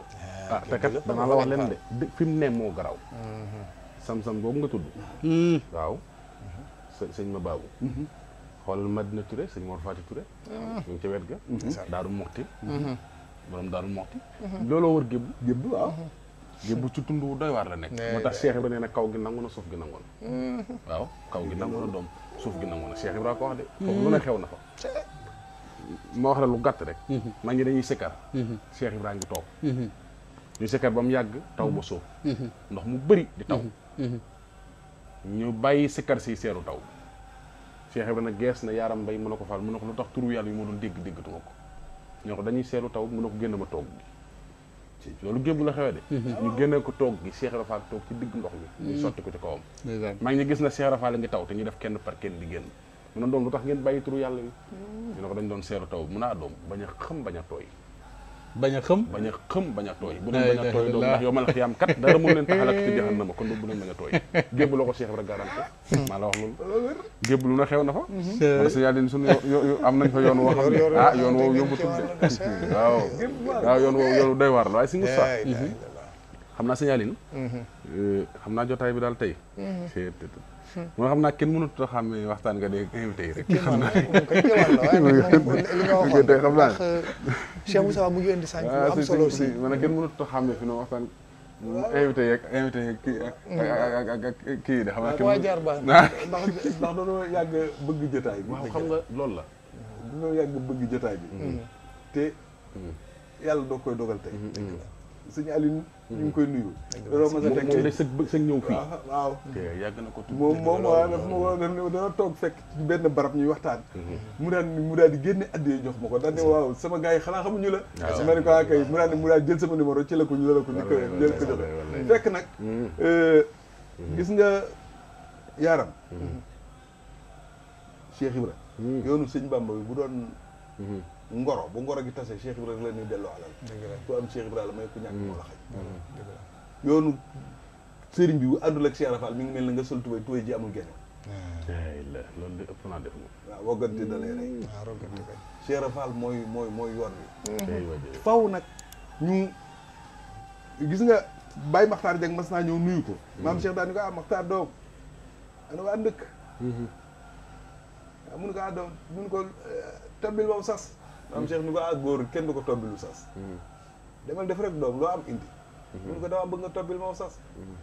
ah te kat danaa la wax leen de fi mu ne moo garaw mm-hmm. sam-sam boobu nga tudd waaw mm-hmm. sëñ ma baabu mm-hmm. xol Madina Touré sëñ Mor fatou Touré. ñu mm-hmm. ci ca ga. Mm-hmm. daru mukti mm-hmm. borom daru mukti lolo wër gébb gébb wa gébb ci tundu doy war la nek motax Cheikh ibrahim nee kaw gi nanguna suuf gi nangul na. waaw kaw gi nanguna dom suuf gi nanguna Cheikh ibrahim ko wax de. fofu lu na xew na fa. mo wax la lu gatt rek. ma ngi dañuy sekkar Cheikh ibrahim gi top ñu sekkar bam mu taw bo sóob. ndox mu bari di taw. ñu bayyi sekkar ci seru taw. Cheikh Ibra nag gees na yaaram mbay mu ne ko faal mu a ko lu tax turu yàlla yi moo doon dégg déggatuma ko ñoo ko dañuy seelu taw mu ne ko génn ma toog gi loolu gémbu la xewee de mhm. ñu ko toog gi Cheikh Ibra Fall toog ci digg ndox mi ñu mhm. sotti ko ci kawam maa ngi ñu gis na Cheikh Ibra Fall la ngi taw te ñu def kenn par kenn di génn mu ne doom lu tax ngeen bàyyi turu yàlla yi mhm. ñu ko dañ doon seelu taw mu ne a ah doom bañ a xam bañ a tooy bañ a xëm bañ a xëm bañ a tooy bu doon bañ a tooy doon ndax yow ma la xiyaam kat dara mënu leen taxalak ci jahannama kon bu doon bañ a tooy gébb loo ko Cheikh Ibra garanti hmm. maa la wax loolu gébb lu na xew na fa hmm. parce que hmm. yoon woo ah, yoon woowu yóbbu waar la waaye si nga sax xam naa signalé na euh, xam naa jotaay bi daal tey man xam naa kenn mënut a xàmmee waxtaan nga dee invité yi rek. xam naa li nga wax Cheikh Moussa mu ngi indi sànq lu ah, am solo aussi man a kenn mënut a xàmmee fi noonu waxtaan invité yeeg invité yeeg kii ak mm. ak ak kii de xam naa kenn jaar baax ah. ndax ndax dañoo yàgg bëgg jotaay bi. waaw xam nga loolu la. dañoo yàgg bëgg jotaay bi. Mm. te mm. yàlla doo koy dogal tey. Mm-hmm. sëñ Aline. ñu ngi koy nuyu. looloo ma sa ah, yàgg na ko tuuti moom moom waaw toog fekk benn barab ñuy waxtaan. Mhm. mu daan mu daal di génne addee jox ma ko daal ne sama gars yi xanaa xamuñu la. Ah, ah, mu daal mu sama numéro ci la ko ñu la ko. wallaay wallaay jël ko joxe fekk nag. Mhm. Euh, mhm. gis nga yaaram. Cheikh Ibra yoonu sëñ Bamba bi bu doon. ngoro bu ngoro gi tasee Cheikh Ibrahima la ñuy delloo alal ku am Cheikh Ibrahima may ku ñàkk moo la xaj mm. Mm. yoonu sëriñ bi bu àndul ak Cheikh Rafal mi ngi na nga sol tubay ah. mm. ah, mooy mooy mooy yoon bi mm-hmm. faw nag ñu gis nga Baye Makhtar Dieng mas naa ñëw nuyu ko mm-hmm. maam Cheikh daan ni ko ah Makhtar doom ana waa ndëkk mm-hmm. ah, mun ko ah doom boobu eh, sas am Cheikh ni ko ah gor ken du ko tobbil lu sas hmm. demal def rek dom lo am indi hmm. mun ko dama beug nga tobbil moom sas hmm.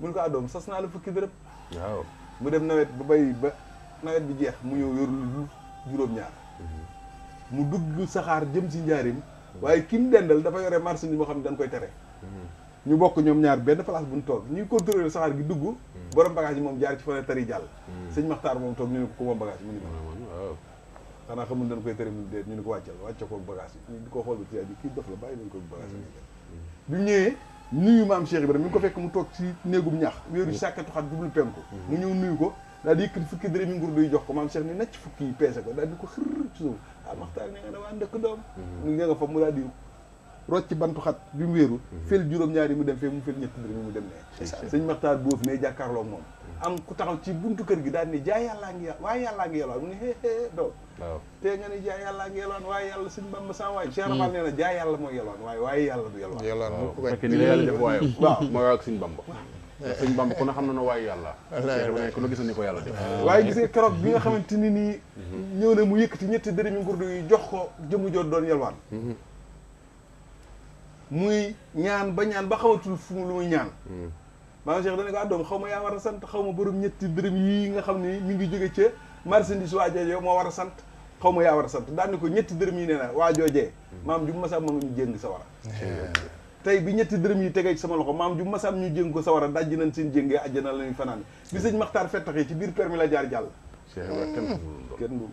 mun ko adom ah, sas na la fukki dërëm waw mu dem nawet bu bay ba nawet bi jeex mu ñëw yoru lu juróom-ñaar mu dugg saxaar jëm ci njaarim waye kim dendal dafa yore marché ni mo xam dañ koy téré ñu bokk ñom ñaar benn place bu ñu toog ñuy contrôler saxaar gi dugg borom bagage mom jaar ci fenêtre tari jall seigne Maxtaar mom tok ñu ko ko bagage mu ni xanaa xamul dañ koy terminer déet ñu ni ko wàccal wàcce koog bagage yi ñu di ko xool ba ci bi kii dof la bàyyi nañ koog bagage yi bi ñëwee nuyu maam Cheikh Ibrahima mi ngi ko fekk mu toog ci néegum ñax wéeru sàkkatu xat jublu penku mu mm. mm. ñëw nuyu ko daal di yëkkati fukki dërëmi nguur doy jox ko maam Cheikh ni fukki yi peese ko ko xërr ci suuf ah maxtaar mm. ne nga ne waa ndëkk doom ñu nga nga fa mu daal di rocc ci bantu xat bi mu wéeru fel juróom-ñaari mu dem fee mu fel ñetti dërëmi mu dem ne sëñ maxtaar boof ne jàkkaarloo moom am ku taxaw ci buntu kër gi daal ni jaay yalla ngi waaye yàllaa ngi yeloon ya, mu ne he hee doo te nga ni jaay yalla ngi yalla waaye yalla suñu bam hmm. sa waay cheikh ramal neena jaay yalla mo yalla waaye waaye yalla du yalla yalla mo ko bañ ni yalla def waaye waaw mo waaye suñu bam ba suñu bam ku na xam na na waaye yàlla ku na gisoon ko yalla def waaye gisee kérok bi nga xamanteni ni ñew na mu yëkkati ñetti dërëmi ngurdu yu jox ko jëmu joot doon yelwaan muy ñaan ba ñaan ba xawatul fu mu lu muy ñaan maam Cheikh dana ko ah doom xaw ma yaa war a sant xaw ma borom ñetti dërëm yii nga xam ni mi ngi jóge ca marchandise waajooje moo war a sant xaw ma yaa war a sant daan ni ko ñetti dërëm yi nee na waajoojee maam ju masam ma ñu jéng sa war bi ñetti dërëm yi tegee sama loxo maam ju masam ñu jéng ko sa war a dajji nañ seen jéngee àjjana la ñuy fanaan bi sëñ maxtaar fettaxee ci biir permi la jaar jàll kenn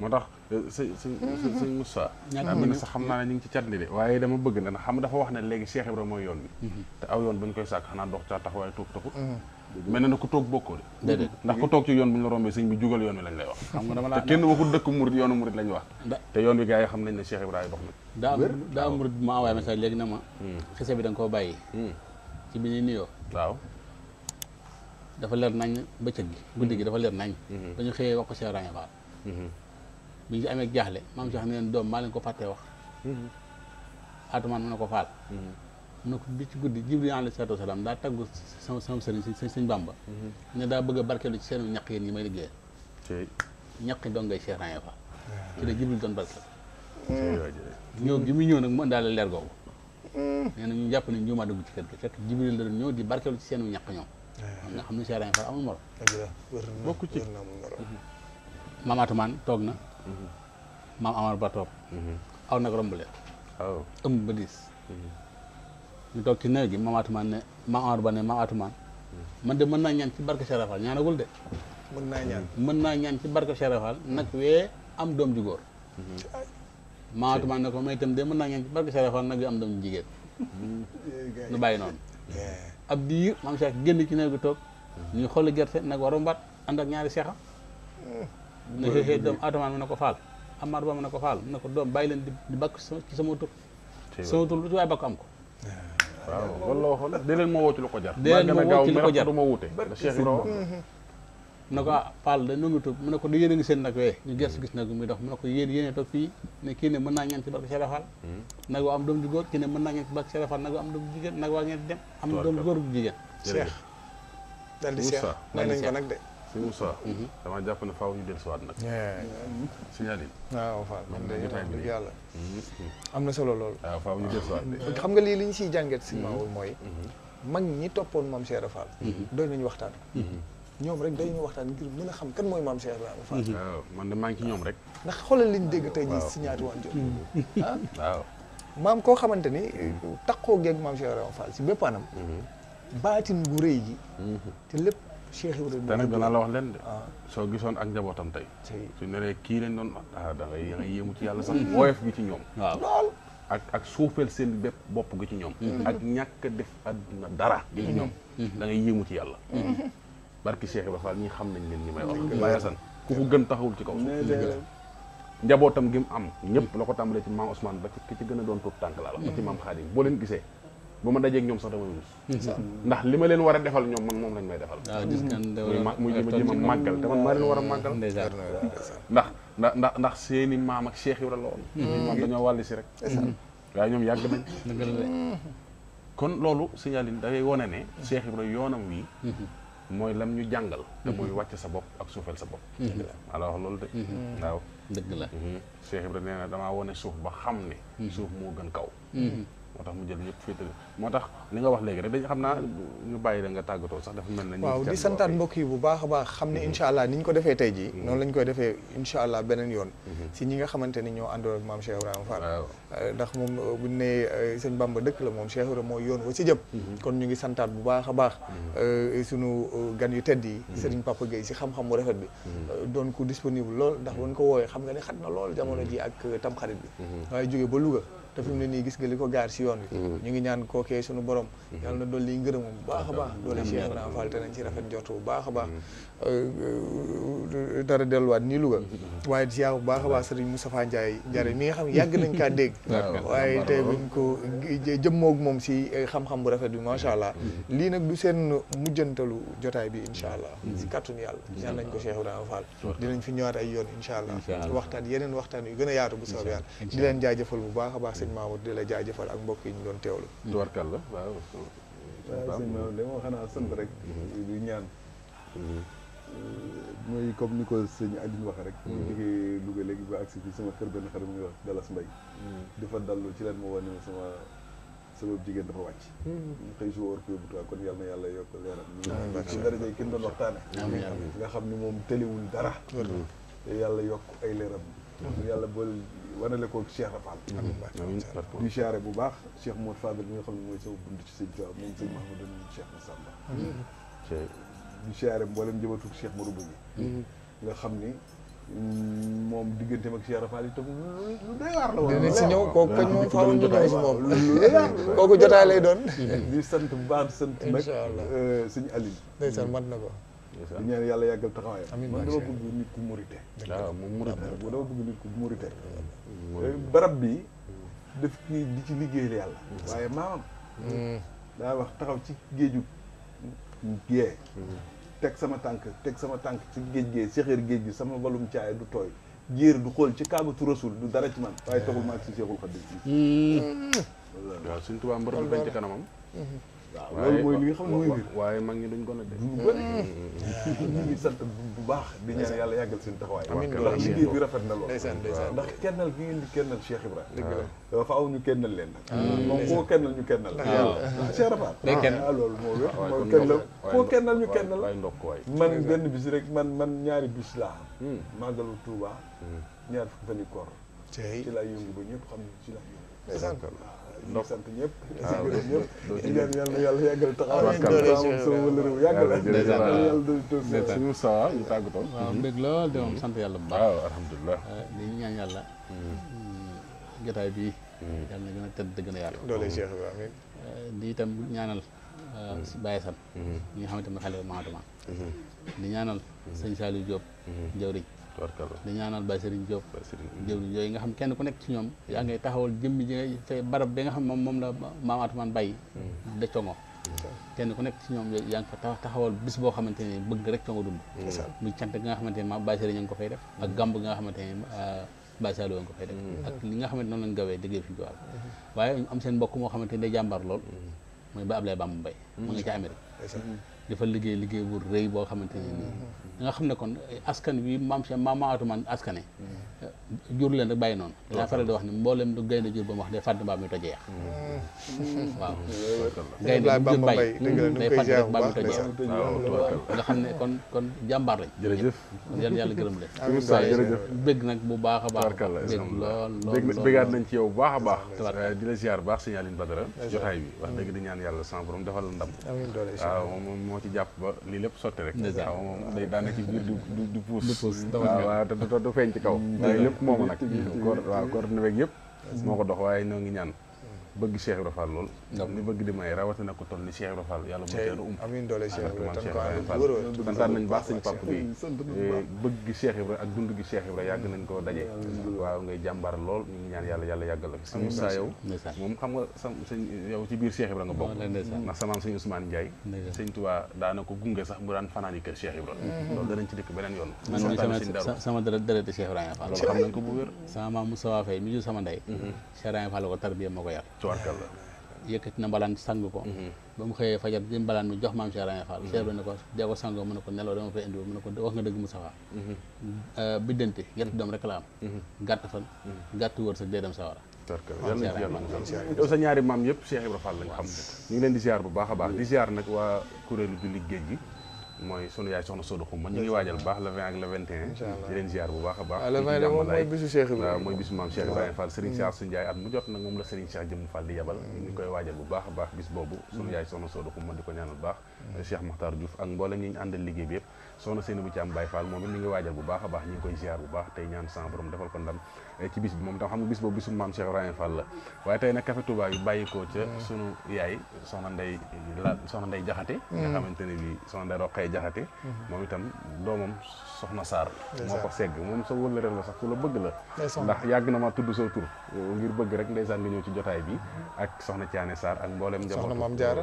moo tax euh, sëñ sëñ sëñ mm-hmm. Moussa daa mel ne sax xam naa ne ñu ngi ci catli de waaye dama bëgg na xam dafa wax ne léegi Cheikh Ibrahima mooy yoon bi mm-hmm. te aw yoon bu ñu koy sàkk xanaa dox caa taxawaay toog taxut mm-hmm. mel na ku toog bokkoo de ndax ku toog ci yoon bu ñu la rombee sëñ bi jugal yoon wi lañ lay wax xam nga dama la te kenn waxul dëkk murit yoonu murit lañ wax te yoon wi gars yi xam nañ ne Cheikh Ibrahima daa murit ma waaye message léegi na ma mm. xise bi da koo bàyyi mm. ci bi ñuy nuyoo waaw dafa leer nañ bëccëg gi guddi gi mm. dafa leer nañ dañu xëyee wax ko Cheikh Ibrahima bi ñu amee jaaxle maam Cheikh ne leen doom maa leen ko fàttee wax. Mhm. Atoumane mën na ko faal. Mhm. mu ne ko bi ci guddi Jibril alayhi salaatu wa salaam daa tàggu sama sama sëriñ si sëñ Bamba. Mhm. ne daa bëgg a barkeelu ci seen ñaq yéen ñi may liggéeyal. tey ñaq ah. la Jibril doon barkeelu. Mm. ñëw gi muy ñëw nag mu indaale leer googu. Mm. nee jàpp ne ñu ma dugg ci kër gi fekk di barkeelu ci seen ñaq ñoom. Ah. nga xam ne Cheikh Rangé Fall amul morom. bokku ci maam Atoumane toog na maam Amar ba toog. aw nag romb leen. waaw ñu toog ci nawet gi maam Atumaan ne maam Amar ba ne maam Atumaan man de mën naa ñaan ci barke Cheikh Rafal ñaanagul de. mën naa ñaan ci barke Cheikh Rafal nag wee am doom ju góor. maam Atumaan ne ko man itam de mën naa ñaan ci barke Cheikh Rafal nag wee am doom jigéen. nu bàyyi noonu. ab diir maam Cheikh génn ci nawet gi toog. ñu xool gerte nag waru mbat ànd ak ñaari seexam. ne xëy xëy doom Adama ko faal Amar ba mu ne ko faal ko doom bàyyi leen di bàkk ci sama tur lu ci waaye am ko waaw loolu la waxoon dee leen ma woo ko jar dee leen ma woo ci jar du ma wute Cheikh Ibrahima ah, mu ne ko ah Fall da mu ne ko du yéen ngi seen nag wee eh, ñu gerte nag muy dox mu ne ko yéen yéen a toog fii kii ne mën naa ñaan ci barke Cheikh Fall hmm. nag waa am doom ju góor kii ne mën naa ñaan ci barke Cheikh Fall nag waa am doom ju jigéen nag waa ngeen dem am doom ju góor bu jigéen Cheikh dal di Cheikh nañ ko nag sëñ Moussa. Mhm. damaa jàpp ne faaw ñu dellusiwaat nag. Eh. signal yi. waaw faaw man de yéen yàlla. Mhm. am na solo lool. waaw faaw ñu mm-hmm. xam nga lii li ñu siy jàngat si. waaw mhm. mooy. mag ñi toppoon maam Cheikh Fall. doy nañu waxtaan. ñoom rek dañuy waxtaan ngir mën a mooy maam Cheikh Ibrahima Fall. man de maa ngi ci ñoom rek. ndax xoolal liñ dégg tey jii si ñaati waajur. Ah? waaw. maam koo xamante ni. taxoo geeg maam Cheikh Ibrahima Fall si bépp anam. baatin gu rëy ji. te lépp. Cheikh Ibrahima te nag danaa la wax leen de ah. soo gisoon ak njabootam tey su neree kii lañ doon ah da ngay da ci yàlla sax hmm. woyof gi ci ñoom waaw ak ak suufeel seen bépp bopp gi ci ñoom hmm. ak ñàkk def àdduna dara gi ci hmm. ñoom da ngay yéemu yàlla barki Cheikh Ibrahima Fall ñi xam nañ leen ñi may wax Baye ku ko gën taxawul ci kaw suuf njabootam gi mu am ñëpp la ko tàmbalee ci maam Ousmane ba ci ki ci gën a doon tuut tànk laa la ba ci maam Khadim boo leen gisee buma dajé ak ñom sax dama rus ndax lima leen wara defal ñom man mom lañ may defal muy jima jima magal te man ma leen wara magal ndax ndax ndax seeni mam ak Cheikh yi la lool moom mm-hmm. dañoo walli ci rek way ñom yag nañ kon loolu signal da ngay woné né Cheikh ibrahim yonam wi moy mm-hmm. lam ñu jangal da moy mm-hmm. wacc sa bop ak soufel sa bop ala wax loolu de waaw deug la Cheikh ibrahim nee na damaa wone ba xamné souf mo gën kaw moo tax mu jël ñëpp féetale moo tax li nga wax léegi rek dañ xam naa ñu bàyyi la nga tàggatoo sax dafa mel na waaw di santaat mbokk yi bu baax a baax xam ne mm-hmm. incha allah ni ñu ko defee tey jii mm-hmm. noonu lañ koy defee incha allah beneen yoon mm-hmm. si ñi nga xamante ni ñoo àndoon ak maam Cheikh Ibrahima Fall euh, ndax moom euh, bu ñu nee euh, sëñ Bamba dëkk la moom Cheikh mooy yoon wa si jëm kon ñu ngi santaat bu baax a baax sunu gan yu tedd yi Serigne Papa Gueye si xam-xam bu rafet bi doon ku disponible lool ndax buñ ko woowee xam nga ne xat na lool jamono ji ak tamxarit bi waaye jóge ba Louga te fi mu ne nii gis nga li ko gaar si yoon wi mm-hmm. ñu ngi ñaan kookee suñu borom mm-hmm. yàlla na dolli ngërëmam bu baax a baax mm-hmm. doole Cheikh Ibrahima Fall te nañ ci rafet njort bu baax a baax Euh, euh, dara delluwaat nii Louga. Mm-hmm. waaye di bu baax a baax mu safaa Ndiaye Ndiare mi nga xam yàgg nañ kaa dégg. waaye tey buñ ko jëmmoog moom si eh, xam-xam bu rafet bi macha allah. Mm-hmm. lii nag du seen mujjantalu jotaay bi incha allah. Mm-hmm. si kàttanu yàlla. ñaan nañ ko Cheikh Ibrahima Fall. dinañ fi ñëwaat ay yoon incha allah. waxtaan yeneen waxtaan yu gën a yaatu bu soobee yàlla. di leen jaajëfal bu baax a baax sëñ Mamour di la jaajëfal ak mbokk yi ñu doon teew tubarkalla waaw. waaw sëñ Mamour li ma rek ñaan. Euh, mooy comme ni ko sëñ Aline waxee rek. ñu mm. jógee Louga léegi ba agsi fii sama kër benn xarit mu ngi wax Dallas Mbaye. Mm. dafa dallu ci leen ma wane sama sama jigéen dafa wàcc. Mm. xëy si bu kon yal na yàlla yokk leeral. amiin amiin daraja yi kenn doon waxtaane nga xam ni moom tëliwul dara. yàlla yokk ay leeram. yàlla boole wanale ko Cheikh Rafal. amiin di siyaare bu baax Cheikh Mor Fadel mi nga xam ne mooy sama bunt ci sëñ Tuubaa moom sëñ Mahamadou Cheikh Massamba. di siyaare mboolem jëbatuk Cheikh Modou Bougi mm-hmm. nga xam ni mm, moom diggante mag Cheikh Rafal itam lu doy waar la woon dinañ si ñëw kooku kañ moom faaw ñu ñëw moom kooku jotaay lay doon di sant bu baax di sant nag euh, sëñ Aliou ndeysaan mat na ko di ñaan yàlla yàggal taxawaayam amiin man dama bëgg nit ku murite ah, ku murite euh, barab bi daf kii di ci liggéeyal yàlla mm-hmm. waaye maamam mm. daa wax taxaw ci géeju gee teg sama tànk teg sama tànk ci géej gee séxéer géej bi sama balum caay du tooy jiir du xool ci kaabatu rasul du dara ci man waaye tegul ma ak si Seexul Xadiim hmm. waaw suñ tubaab mbëral bañ ci kanamam hmm. waaw loolu mooy li xam ne mooy mbir waaye mag ñi dañ ko na de ñu ngi sant bu baax di ñaan yàlla yàggal seen taxawaay ndax liggéey bi rafet na lool ndax kennal gi ngeen di kennal Cheikh Ibrahima faaw ñu kennal leen nag moom koo kennal ñu kennal la Cheikh Rafa ah, loolu moo wér mooy kennal koo kennal ñu kennal la man benn bis rek man man ñaari bis laa am hmm. màggalu Touba hmm. ñaar fukki fan yi koor ci laa yëngu ba ñëpp xam ne ndox sant ñëpp. waaw ah, doo ci ñëpp yal na yàlla yàggal taxawaay. ñu tàggatoo. waaw ah, mbég lool de moom sant yàlla bu baax. waaw alhamdulilah. Eh, yàlla. Hmm. Mm, jotaay bii. Hmm. yàlla na gën a tëdd gën a yaatu. doole Cheikh bi amiin. Eh, di itam ñaanal eh, hmm. Baye Sam. ñi nga xamante ne xale bi maatuma. di ñaanal sëñ Saliou Diop. jawriñ di ñaanal Baye Serigne yooyu nga xam kenn ku nekk ci ñoom yaa ngay taxawal jëmmi ji ngay fee barab bi nga xam moom moom la maam Atumaan Baye hmm. da congo kenn ku nekk ci ñoom yaa ngi fa taxawal bis boo xamante ne bëgg rek congo dund hmm. muy cant gi nga xamante ne maam Baye Serigne ko fay def ak gàmb gi nga xamante ne Baye a ngi ko fay def ak li hmm. nga xamante euh, noonu lañ gawee déggee fi jowaal waaye am seen mbokk moo xamante ne day jàmbaar lool mooy ba Ablaye Bamba Mbaye mu nga ca Amérique dafa liggéey liggéey bu rëy boo xamante ne nii da mm-hmm. nga xam ne kon eh, askan wi maam Cheikh maam Atumaan askane mm-hmm. jur leen rek bàyyi noonu mm-hmm. daa faral di wax ne mboolem du gaynde jur ba mu wax day fàdd mbaam mi toje yax waaw gaynde bu jur bàyyi day fàdd rek mbaam mi toje yax nga xam ne kon kon jàmbaar lañ jërëjëf yàlla yàlla gërëm leen waaw jërëjëf bégg nag bu baax a baax bégg lool lool béggaat nañ ci yow bu baax a baax eh, di la ziar baax sëñ Aline Badara jotaay bi wax dëgg di ñaan yàlla sans borom defal la moo ci jàpp ba lii lépp sotti rek. waaw moom day daana ci biir du du du puus. du puus waaw waaw te du feeñ ci kaw. waaye mm. lépp moomu mm-hmm. nag. Mm-hmm. waaw coordonnées beeg yëpp. moo ko dox waaye ñoo ngi ñaan. bëgg Cheikh Ibra lool li bëgg di may na ko toll Cheikh Ibra yalla yàlla mu teeru um amin dole Cheikh Ibra Fall santaan nañ baax sëñ papu bi eh, bëgg Cheikh Ibra ak dundu gi Cheikh Ibra yag nañ ko dajé waaw ngay jambar lool ñu ngi ñaan yalla yalla yagal la fi sëñ yow mom xam nga señ yow ci biir Cheikh Ibra nga bok na samaam señ Ousmane Ndiaye sëñ Touba na ko gungé sax mu daan fanani ke Cheikh Ibra mm-hmm. lool da nañ ci dëkk benen yoon sama dara dara de Cheikh Ibra Fall loolu xam nañ ko bu wër sama maam Moussa Faye mi ju sama nday mm-hmm. Cheikh Ibra Fall ko tarbiya mako ko yar tubarkalla yëkkati na mbalaan sang ko mhm. ba mu xëyee fajar di mbalaan bi jox maam Cheikh Ibra Fall mhm. Cheikh Ibra ne ko dee ko sangoo mu ne ko nelaw dama fay indi mu ne ko wax nga dëgg mu safa biddante ñett doom rek la am mhm. gàtt fan gàtt wërsëg day dem sawara yow sa ñaari maam yëpp Cheikh Ibra Fall lañ xam ñu ngi leen di ziar bu baax a baax di ziar nag waa kuréelu julli géej gi mooy sunu yaay soxna Sodo Xuma ñu ngi waajal baax le 20 ak le 21. incha allah bu baax a baax. Ah, le 20 de moom mooy bisu mm. la Serigne Cheikh Jëmm Fall di yebal. Mm. ñu koy waajal bu baax a baax bis boobu. Mm. sunu yaay soxna Sodo Xuma di ko ñaanal baax. Cheikh Makhtar Diouf ak mboolem ñi ñu àndal liggéey bi yëpp soxna Seynabou Thiam Baye Fall moom it ñu ngi waajal bu baax a baax ñu ngi koy ziar bu baax tey ñaan sama borom defal ko ndam Eh, ci bis bi moom tam xam nga bis boobu bisu maam Cheikh Ibrahima Fall la waaye tey nag café Touba yu bàyyikoo mm. sunu yaay soxna Ndey la soxna Ndey Jaxate nga mm. xamante ne bi soxna Ndey Roqay Jaxate mm-hmm. moom itam doomam soxna Sarr moo ko segg moom sa wëllëre la sax la bëgg la ndax yàgg na ma tudd sa ngir bëgg rek ndeysaan nga ñëw ci jotaay bi ak soxna Thiané Sarr ak mboolem njaboot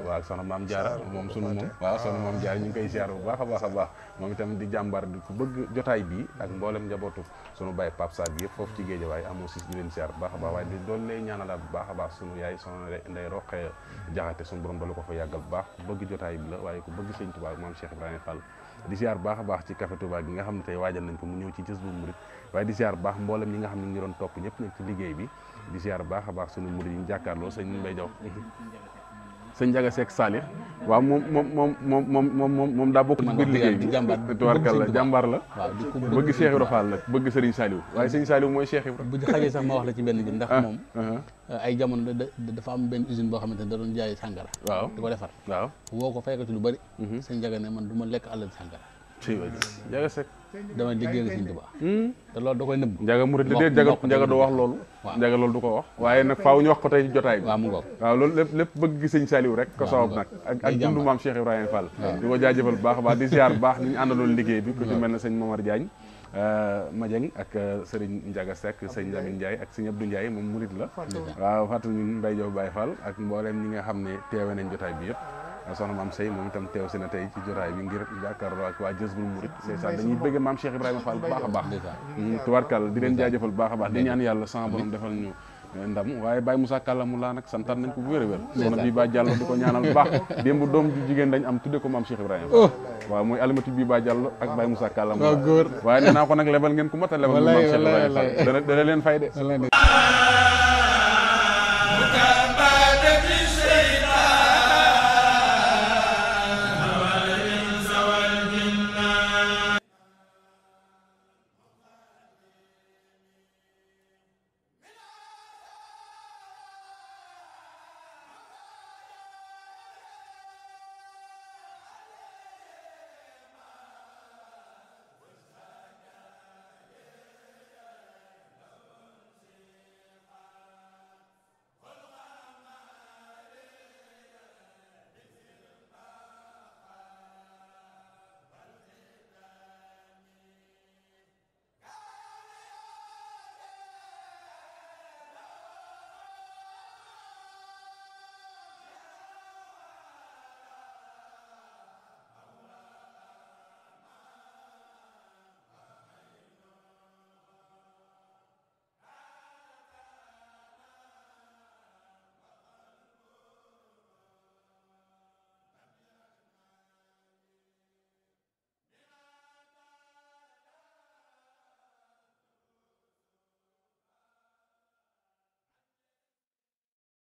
waaw soxna maam Jaara moom sunu moom waaw soxna maam Jaara ñu ngi koy ziar bu baax a baax a baax moom itam di jàmbaar di ku bëgg jotaay bii ak mboolem njabootu sunu baay Pape Sarr bi yëpp foofu ci Géejawaay amoo sis di leen siyaar bu baax a baax waaye di a baax sunu yaay sono nday roqee jaxate sunu borom dala ko fa yàggal bu baax ku bëgg jotaay bi la di siyaar baax a baax nga xam ne tey waajal nañ ko mu ñëw ci jës bu murit waaye di siyaar bu ñëpp nekk ci liggéey a baax sunu murit yi ñu jàkkaarloo sëñ Mbay Jaw sëñ Ndiaga Seck Salih waaw moom moom moom moom moom moom moom daa bokk ci biir liggéey bi tubaarkal la jàmbaar la bëgg Cheikh Ibra Fall nag bëgg Serigne Saliou mm-hmm. waaye Serigne Saliou mooy Cheikh Ibra bu xajee sax ma wax la ci benn bi ndax ah, moom ah. ay jamono dafa am benn usine boo xamante ne da doon jaay sàngara waaw di ko defar waaw woo ko fay ko ci lu bari mm-hmm. sëñ Ndiaga ne man du ma lekk àll sàngara Njaga Seck dama liggéeyal Sëñ Tuubaa hmm? te loolu da koy nëbb Njaga murid la déet Njaga Njaga du wax loolu Njaga loolu du ko wax waaye nag faaw ñu wax ko tey ci jotaay bi waaw loolu lépp lépp bëgg gi sëñ Saliou rek ko sabab nag ak ak dund maam Cheikh Ibrahima Fall di ko jaajëfal bu baax baax di ziar bu baax ni ñu àndaloon liggéey bi ku ci mel ne sëñ Momar Diagne Euh, Madieng ak euh, Serigne Ndiaga Seck sëñ Lamine Ndiaye ak sëñ Abdou Ndiaye moom murit la waaw fàttali ñu Mbaye Diop Baye Fall ak mbooleem ñi nga xam ne teewe nañ jotaay bi yëpp ah. soxna maam Sey moom itam teew si na tey ci jotaay bi ngir jàkkaarloo ak waa Jazbul Murid ndeysaan dañuy bëgg maam Cheikh Ibrahima Fall bu baax a baax hmm, tubarkal di leen jaajëfal bu baax a baax di ñaan yàlla sama borom defal ñu ndam waaye Baye Moussa Kàllamu laa nag santaan nañ ko bu wér a wér soxna bii ba Diallo di ko ñaanal bu baax démb doom ju jigéen dañ am tudde ko maam Cheikh Ibrahima oh. waaw mooy alimati bii ba Diallo ak Baye Moussa Kàllamu waaye nee naa ko nag lebal ngeen ku mat a lebal maam Cheikh Ibrahima dana leen fay de